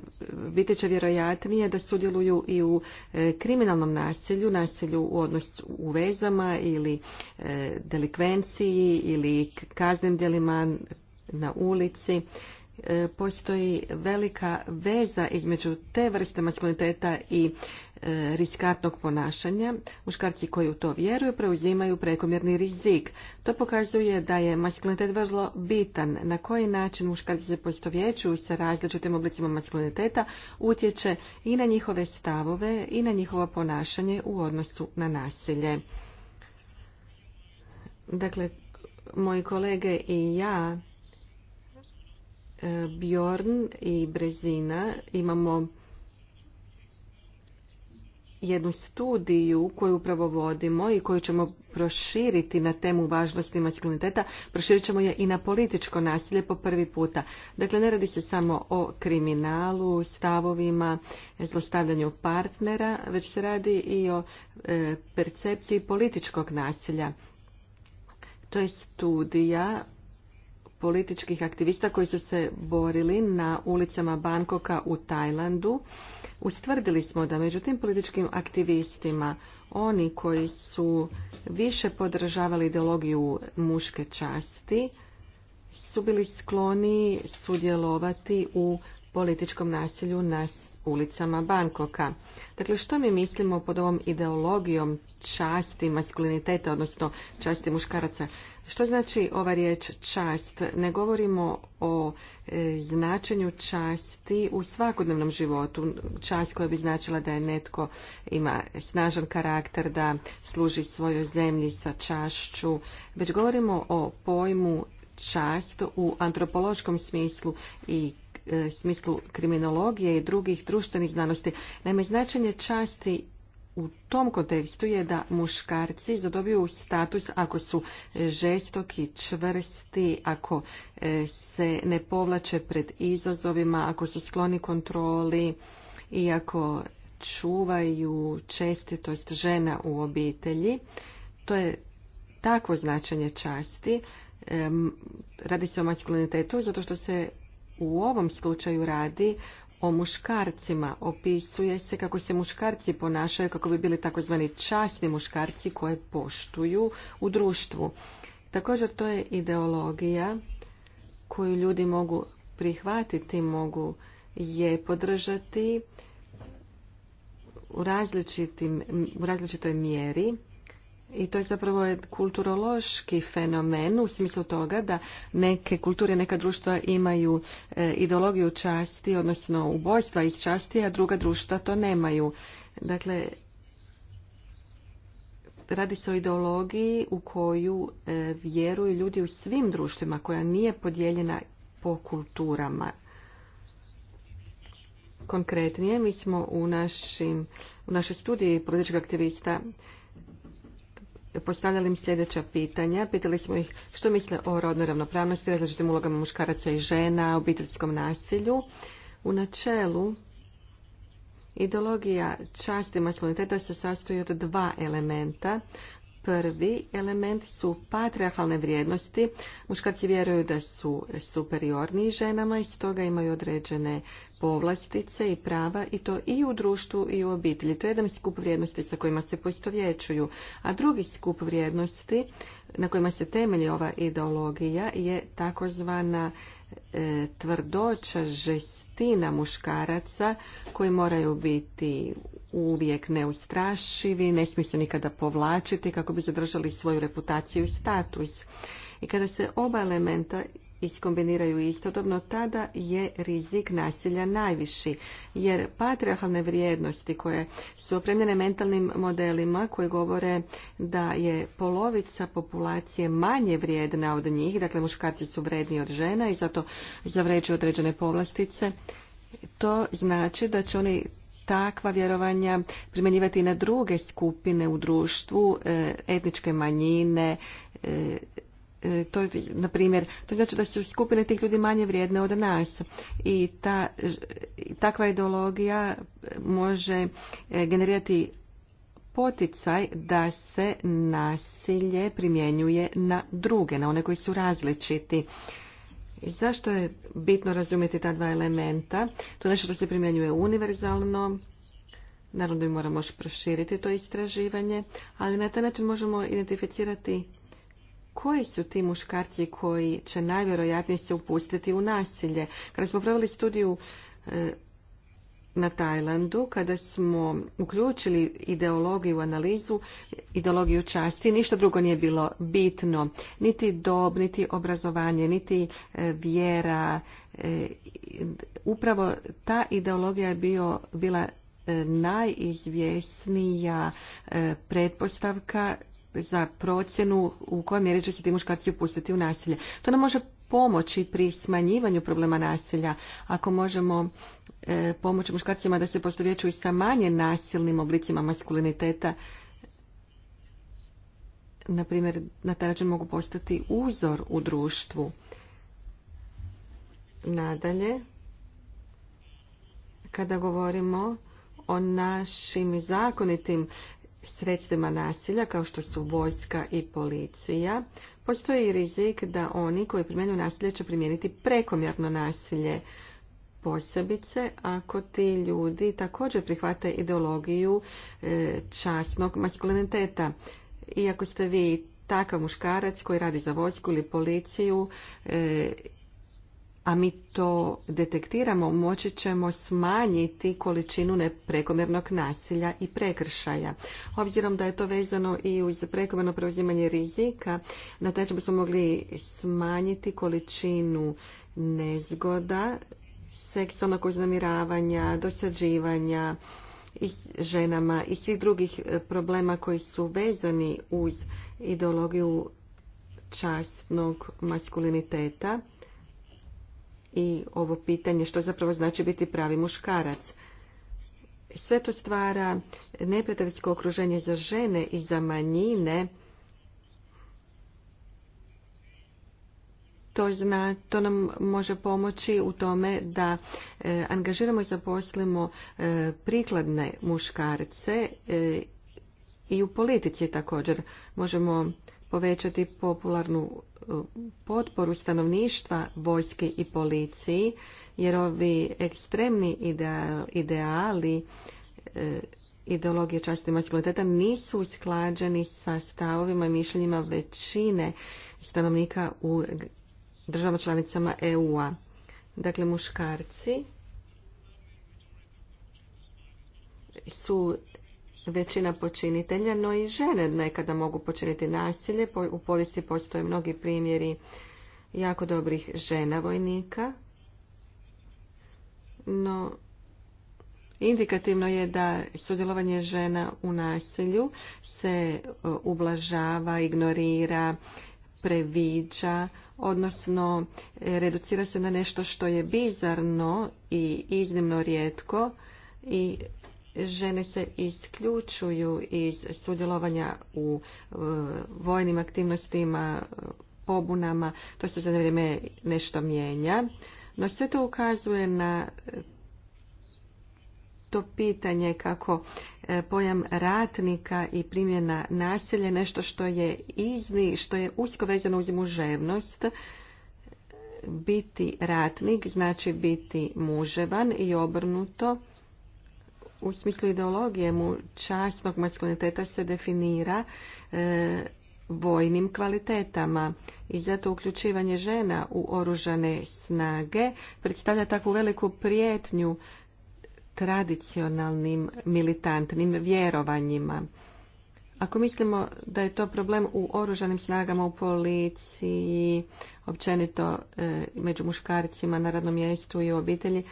biti će vjerojatnije da sudjeluju i u e, kriminalnom nasilju, nasilju u odnosu u vezama ili e, delikvenciji ili kaznim djelima na ulici. E, postoji velika veza između te vrste maskuliniteta i e, riskatnog ponašanja. Muškarci koji u to vjeruju preuzimaju prekomjerni rizik. To pokazuje da je maskulinitet vrlo bitan. Na koji način muškarci se postovjećuju sa različitim oblicima maskuliniteta utječe i na njihove stavove i na njihovo ponašanje u odnosu na nasilje. Dakle, moji kolege i ja Bjorn i Brezina imamo jednu studiju koju upravo vodimo i koju ćemo proširiti na temu važnosti maskuliniteta, proširit ćemo je i na političko nasilje po prvi puta. Dakle, ne radi se samo o kriminalu, stavovima, zlostavljanju partnera, već se radi i o e, percepciji političkog nasilja. To je studija političkih aktivista koji su se borili na ulicama Bankoka u Tajlandu. Ustvrdili smo da među tim političkim aktivistima oni koji su više podržavali ideologiju muške časti su bili skloni sudjelovati u političkom nasilju na ulicama Bankoka. Dakle, što mi mislimo pod ovom ideologijom časti maskuliniteta, odnosno časti muškaraca? Što znači ova riječ čast? Ne govorimo o e, značenju časti u svakodnevnom životu. Čast koja bi značila da je netko ima snažan karakter, da služi svojoj zemlji sa čašću. Već govorimo o pojmu čast u antropološkom smislu i e, smislu kriminologije i drugih društvenih znanosti. Naime, značenje časti u tom kontekstu je da muškarci zadobiju status ako su e, žestoki, čvrsti, ako e, se ne povlače pred izazovima, ako su skloni kontroli i ako čuvaju čestitost žena u obitelji. To je takvo značenje časti. Radi se o maskulinitetu zato što se u ovom slučaju radi o muškarcima. Opisuje se kako se muškarci ponašaju, kako bi bili takozvani časni muškarci koje poštuju u društvu. Također to je ideologija koju ljudi mogu prihvatiti, mogu je podržati u, u različitoj mjeri i to je zapravo kulturološki fenomen u smislu toga da neke kulture, neka društva imaju e, ideologiju časti, odnosno ubojstva iz časti, a druga društva to nemaju. Dakle, radi se o ideologiji u koju e, vjeruju ljudi u svim društvima, koja nije podijeljena po kulturama. Konkretnije, mi smo u, našim, u našoj studiji političkog aktivista postavljali im sljedeća pitanja. Pitali smo ih što misle o rodnoj ravnopravnosti, različitim ulogama muškaraca i žena, obiteljskom nasilju. U načelu, ideologija časti masculiniteta se sastoji od dva elementa. Prvi element su patriarhalne vrijednosti. Muškarci vjeruju da su superiorniji ženama i stoga imaju određene povlastice i prava i to i u društvu i u obitelji. To je jedan skup vrijednosti sa kojima se poistovjećuju. A drugi skup vrijednosti na kojima se temelji ova ideologija je takozvana e, tvrdoća, žes tina muškaraca koji moraju biti uvijek neustrašivi, ne smiju se nikada povlačiti kako bi zadržali svoju reputaciju i status. I kada se oba elementa iskombiniraju istodobno, tada je rizik nasilja najviši. Jer patriarchalne vrijednosti koje su opremljene mentalnim modelima koji govore da je polovica populacije manje vrijedna od njih, dakle muškarci su vredni od žena i zato zavređuju određene povlastice, to znači da će oni takva vjerovanja primjenjivati na druge skupine u društvu, e, etničke manjine, e, E, to na primjer, to znači da su skupine tih ljudi manje vrijedne od nas i ta, takva ideologija može e, generirati poticaj da se nasilje primjenjuje na druge, na one koji su različiti. Zašto je bitno razumjeti ta dva elementa? To je nešto što se primjenjuje univerzalno, naravno da mi moramo još proširiti to istraživanje, ali na taj način možemo identificirati koji su ti muškarci koji će najvjerojatnije se upustiti u nasilje. Kada smo proveli studiju e, na Tajlandu, kada smo uključili ideologiju, analizu, ideologiju časti, ništa drugo nije bilo bitno. Niti dob, niti obrazovanje, niti e, vjera. E, upravo ta ideologija je bio, bila najizvjesnija pretpostavka za procjenu u kojoj mjeri će se ti muškarci upustiti u nasilje. To nam može pomoći pri smanjivanju problema nasilja. Ako možemo e, pomoći muškarcima da se i sa manje nasilnim oblicima maskuliniteta, na primjer, na taj način mogu postati uzor u društvu. Nadalje, kada govorimo o našim zakonitim sredstvima nasilja kao što su vojska i policija, postoji rizik da oni koji primjenju nasilje će primijeniti prekomjerno nasilje posebice ako ti ljudi također prihvate ideologiju e, časnog maskuliniteta. Iako ste vi takav muškarac koji radi za vojsku ili policiju, e, a mi to detektiramo, moći ćemo smanjiti količinu neprekomjernog nasilja i prekršaja. Obzirom da je to vezano i uz prekomerno preuzimanje rizika, na taj ćemo bismo mogli smanjiti količinu nezgoda, seksualnog uznamiravanja, dosađivanja i ženama i svih drugih e, problema koji su vezani uz ideologiju časnog maskuliniteta i ovo pitanje što zapravo znači biti pravi muškarac. Sve to stvara neprijateljsko okruženje za žene i za manjine. To, zna, to nam može pomoći u tome da e, angažiramo i zaposlimo e, prikladne muškarce e, i u politici također možemo povećati popularnu e, potporu stanovništva vojske i policiji, jer ovi ekstremni ideali e, ideologije časti maskuliniteta nisu usklađeni sa stavovima i mišljenjima većine stanovnika u državama članicama EU-a. Dakle, muškarci su većina počinitelja, no i žene nekada mogu počiniti nasilje. U povijesti postoje mnogi primjeri jako dobrih žena vojnika, no indikativno je da sudjelovanje žena u nasilju se e, ublažava, ignorira, previđa, odnosno e, reducira se na nešto što je bizarno i iznimno rijetko i žene se isključuju iz sudjelovanja u e, vojnim aktivnostima, e, pobunama, to se za vrijeme nešto mijenja. No sve to ukazuje na to pitanje kako e, pojam ratnika i primjena nasilja nešto što je izni, što je usko vezano uz muževnost. Biti ratnik znači biti muževan i obrnuto u smislu ideologije mu časnog maskuliniteta se definira e, vojnim kvalitetama i zato uključivanje žena u oružane snage predstavlja takvu veliku prijetnju tradicionalnim militantnim vjerovanjima. Ako mislimo da je to problem u oružanim snagama, u policiji, općenito e, među muškarcima na radnom mjestu i u obitelji,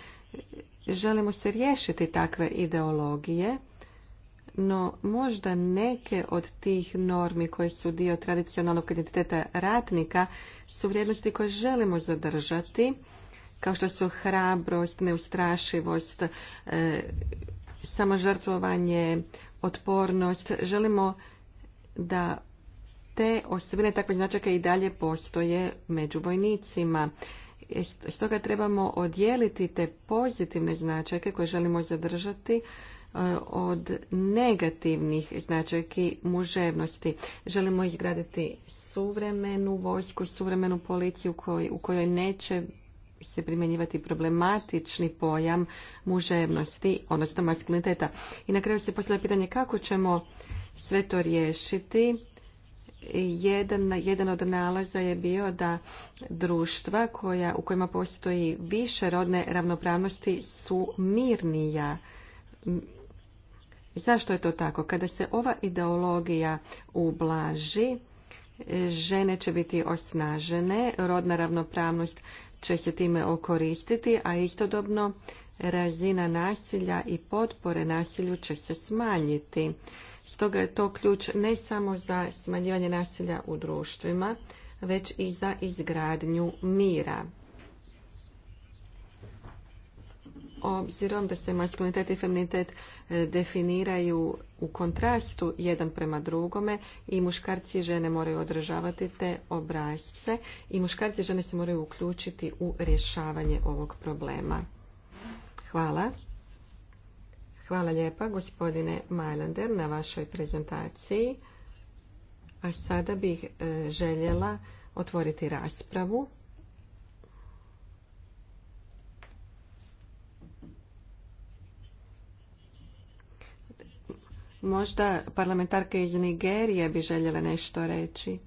želimo se riješiti takve ideologije, no možda neke od tih normi koje su dio tradicionalnog identiteta ratnika su vrijednosti koje želimo zadržati, kao što su hrabrost, neustrašivost, e, samožrtvovanje, otpornost. Želimo da te osobine takve značake i dalje postoje među vojnicima. Eh, stoga trebamo odijeliti te pozitivne značajke koje želimo zadržati eh, od negativnih značajki muževnosti. Želimo izgraditi suvremenu vojsku, suvremenu policiju u kojoj neće se primjenjivati problematični pojam muževnosti, odnosno maskuliniteta. I na kraju se postavlja pitanje kako ćemo sve to riješiti jedan, jedan od nalaza je bio da društva koja, u kojima postoji više rodne ravnopravnosti su mirnija. Zašto je to tako? Kada se ova ideologija ublaži, žene će biti osnažene, rodna ravnopravnost će se time okoristiti, a istodobno razina nasilja i potpore nasilju će se smanjiti. Stoga je to ključ ne samo za smanjivanje nasilja u društvima, već i za izgradnju mira. Obzirom da se maskulinitet i feminitet e, definiraju u kontrastu jedan prema drugome i muškarci i žene moraju održavati te obrazce i muškarci i žene se moraju uključiti u rješavanje ovog problema. Hvala. Hvala lijepa gospodine Majlander na vašoj prezentaciji. A sada bih e, željela otvoriti raspravu. Možda parlamentarka iz Nigerije bi željela nešto reći.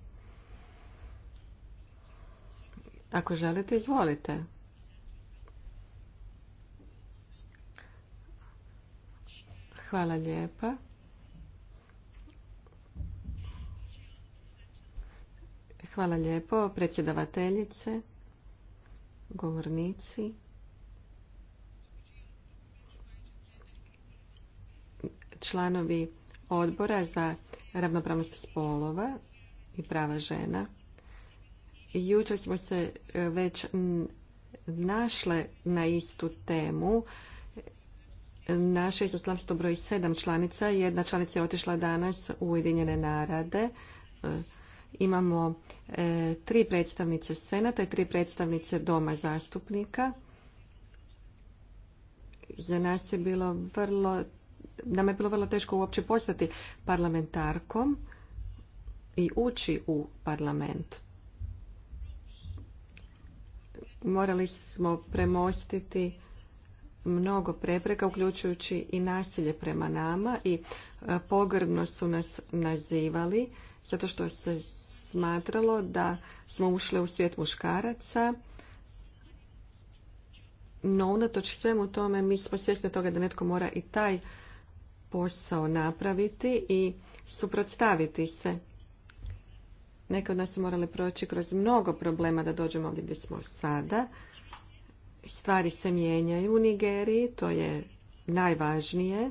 Ako želite, izvolite. Hvala lijepa. Hvala lijepo, predsjedavateljice, govornici. Članovi odbora za ravnopravnost spolova i prava žena. Jučer smo se već našle na istu temu Naše izoslavstvo broj sedam članica. Jedna članica je otišla danas u Ujedinjene narade. E, imamo e, tri predstavnice Senata i tri predstavnice Doma zastupnika. Za nas je bilo vrlo, nama je bilo vrlo teško uopće postati parlamentarkom i ući u parlament. Morali smo premostiti mnogo prepreka, uključujući i nasilje prema nama i e, pogrdno su nas nazivali, zato što se smatralo da smo ušli u svijet muškaraca, no unatoč svemu tome mi smo svjesni toga da netko mora i taj posao napraviti i suprotstaviti se. Neke od nas su morali proći kroz mnogo problema da dođemo ovdje gdje smo sada stvari se mijenjaju u Nigeriji, to je najvažnije,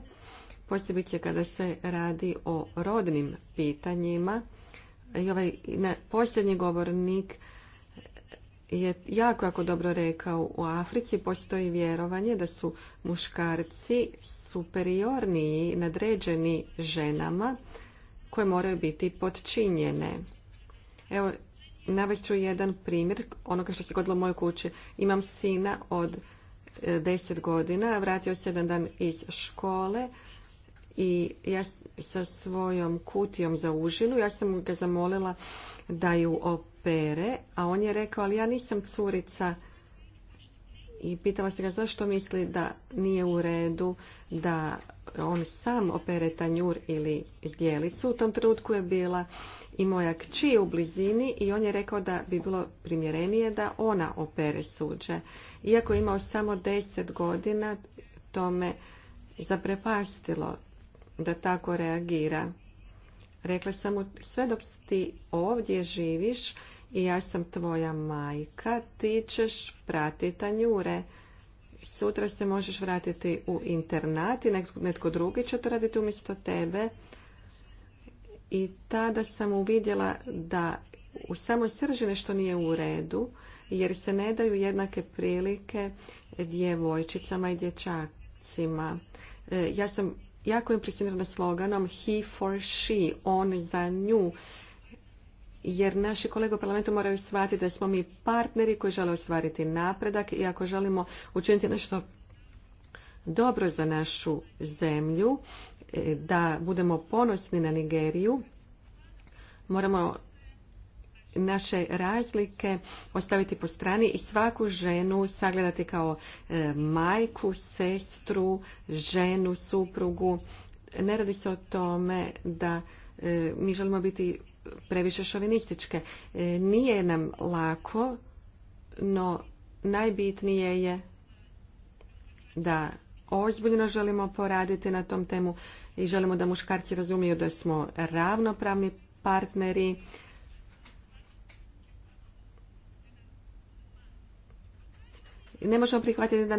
posebice kada se radi o rodnim pitanjima. I ovaj posljednji govornik je jako, jako dobro rekao, u Africi postoji vjerovanje da su muškarci superiorniji, nadređeni ženama koje moraju biti podčinjene. Evo, Navest jedan primjer onoga što se godilo u mojoj kući. Imam sina od e, deset godina, vratio se jedan dan iz škole i ja sa svojom kutijom za užinu, ja sam ga zamolila da ju opere, a on je rekao, ali ja nisam curica i pitala se ga zašto misli da nije u redu da on sam opere tanjur ili zdjelicu. U tom trenutku je bila i moja kći u blizini i on je rekao da bi bilo primjerenije da ona opere suđe. Iako je imao samo deset godina, to me zaprepastilo da tako reagira. Rekla sam mu, sve dok ti ovdje živiš i ja sam tvoja majka, ti ćeš prati tanjure sutra se možeš vratiti u internat i netko, drugi će to raditi umjesto tebe. I tada sam uvidjela da u samoj srži nešto nije u redu, jer se ne daju jednake prilike djevojčicama i dječacima. E, ja sam jako impresionirana sloganom He for She, on za nju jer naši kolege u parlamentu moraju shvatiti da smo mi partneri koji žele ostvariti napredak i ako želimo učiniti nešto dobro za našu zemlju, e, da budemo ponosni na Nigeriju, moramo naše razlike ostaviti po strani i svaku ženu sagledati kao e, majku, sestru, ženu, suprugu. Ne radi se o tome da e, mi želimo biti previše šovinističke. E, nije nam lako, no najbitnije je da ozbiljno želimo poraditi na tom temu i želimo da muškarci razumiju da smo ravnopravni partneri. Ne možemo prihvatiti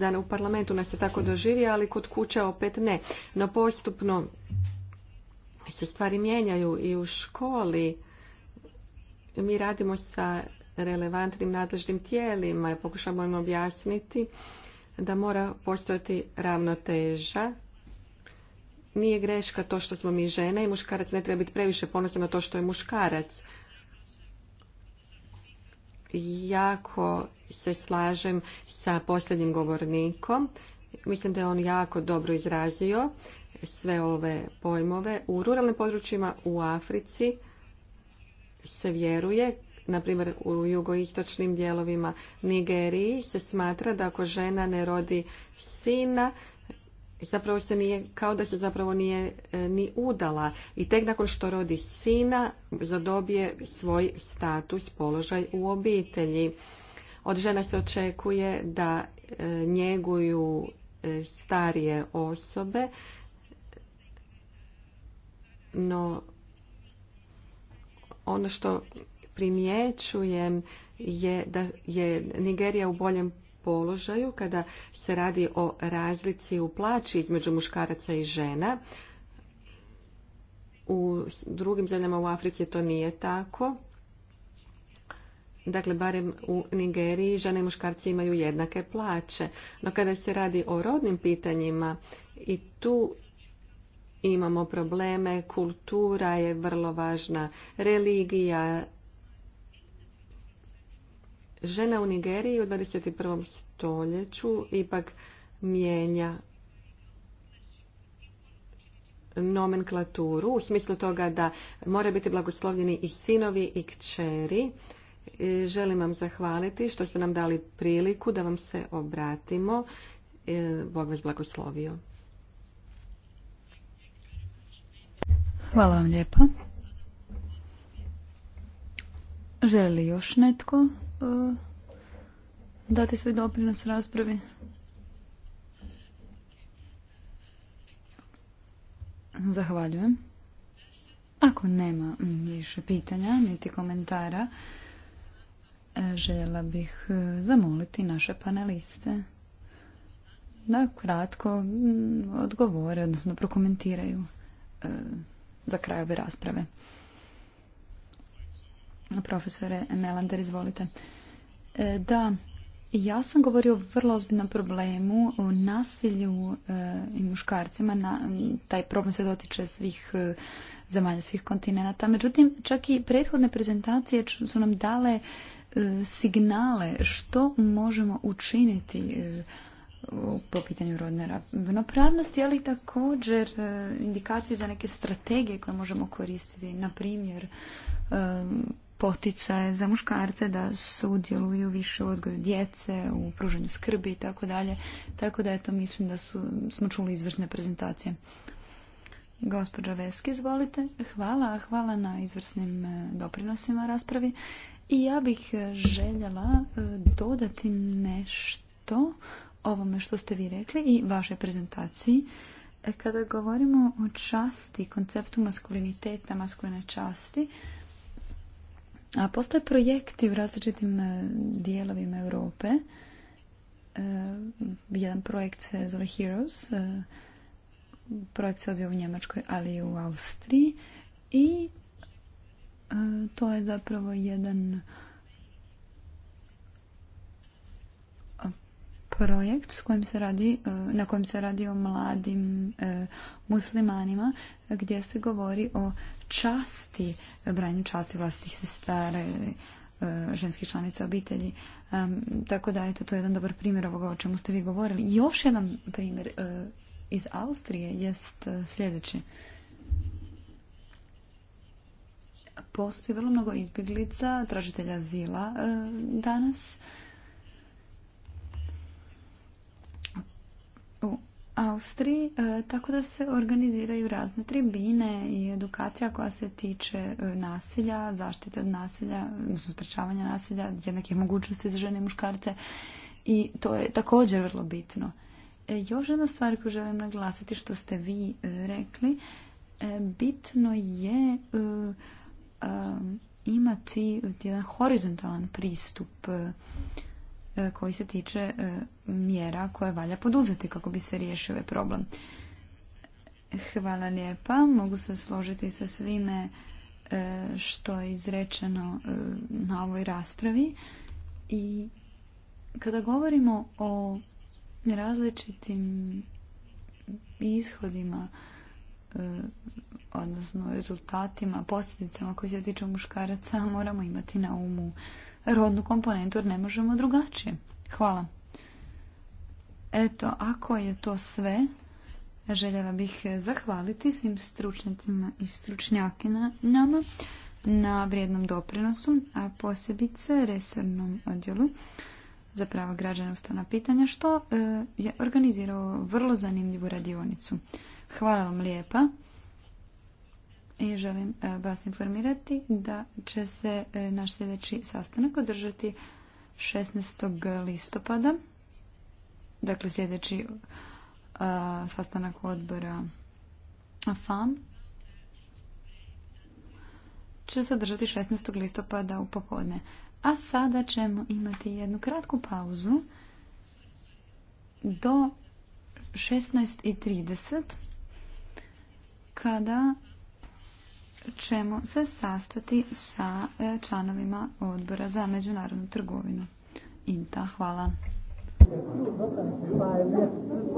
da u parlamentu nas se tako doživi, ali kod kuće opet ne. No postupno se stvari mijenjaju i u školi. Mi radimo sa relevantnim nadležnim tijelima i pokušamo im objasniti da mora postojati ravnoteža. Nije greška to što smo mi žene i muškarac ne treba biti previše ponosan na to što je muškarac. Jako se slažem sa posljednjim govornikom. Mislim da je on jako dobro izrazio sve ove pojmove. U ruralnim područjima u Africi se vjeruje, na primjer u jugoistočnim dijelovima Nigeriji se smatra da ako žena ne rodi sina, zapravo se nije, kao da se zapravo nije e, ni udala i tek nakon što rodi sina zadobije svoj status, položaj u obitelji. Od žena se očekuje da e, njeguju e, starije osobe no, ono što primjećujem je da je Nigerija u boljem položaju kada se radi o razlici u plaći između muškaraca i žena. U drugim zemljama u Africi to nije tako. Dakle, barem u Nigeriji žene i muškarci imaju jednake plaće. No kada se radi o rodnim pitanjima i tu imamo probleme, kultura je vrlo važna, religija. Žena u Nigeriji u 21. stoljeću ipak mijenja nomenklaturu u smislu toga da mora biti blagoslovljeni i sinovi i kćeri. E, želim vam zahvaliti što ste nam dali priliku da vam se obratimo. E, Bog vas blagoslovio. Hvala vam lijepa. Želi li još netko e, dati svoj doprinos raspravi? Zahvaljujem. Ako nema više pitanja niti komentara, e, željela bih e, zamoliti naše paneliste da kratko odgovore, odnosno prokomentiraju za kraj ove rasprave. Profesore Melander, izvolite. E, da, ja sam govorio o vrlo ozbiljnom problemu, o nasilju e, i muškarcima. taj problem se dotiče svih e, zemalja, svih kontinenata. Međutim, čak i prethodne prezentacije su nam dale signale što možemo učiniti po pitanju rodne ravnopravnosti, ali također e, indikacije za neke strategije koje možemo koristiti, na primjer e, poticaje za muškarce da sudjeluju više u odgoju djece, u pružanju skrbi i tako dalje. Tako da eto mislim da su, smo čuli izvrsne prezentacije. Gospođa Veski, izvolite. Hvala, hvala na izvrsnim e, doprinosima raspravi. I ja bih željela dodati nešto ovome što ste vi rekli i vašoj prezentaciji. E, kada govorimo o časti, konceptu maskuliniteta, maskuline časti, a postoje projekti u različitim e, dijelovima Europe. E, jedan projekt se zove Heroes, projekt se odvio u Njemačkoj, ali i u Austriji i to je zapravo jedan projekt s kojim se radi, e, na kojem se radi o mladim e, muslimanima gdje se govori o časti, branju časti vlastitih sestara e, ženskih članica obitelji. Tako da, eto, to je jedan dobar primjer ovoga o čemu ste vi govorili. Još jedan primjer iz Austrije jest sljedeći. Postoji vrlo mnogo izbjeglica, tražitelja azila danas u Austriji, e, tako da se organiziraju razne tribine i edukacija koja se tiče e, nasilja, zaštite od nasilja, sprečavanja nasilja, jednakih mogućnosti za žene i muškarce i to je također vrlo bitno. E, još jedna stvar koju želim naglasiti što ste vi rekli, bitno je imati jedan horizontalan pristup E, koji se tiče e, mjera koje valja poduzeti kako bi se riješio ovaj problem. Hvala lijepa. Mogu se složiti sa svime e, što je izrečeno na ovoj raspravi. I kada govorimo o različitim ishodima, odnosno rezultatima, posljedicama koji se tiču muškaraca, moramo imati na umu rodnu komponentu jer ne možemo drugačije. Hvala. Eto, ako je to sve, željela bih zahvaliti svim stručnjacima i stručnjakinama na vrijednom doprinosu, a posebice Resernom odjelu za prava građana ustavna pitanja, što e, je organizirao vrlo zanimljivu radionicu. Hvala vam lijepa. I želim e, vas informirati da će se e, naš sljedeći sastanak održati 16. listopada. Dakle, sljedeći e, sastanak odbora FAM će se održati 16. listopada u popodne. A sada ćemo imati jednu kratku pauzu do 16.30 kada ćemo se sastati sa e, članovima odbora za međunarodnu trgovinu. Inta, hvala.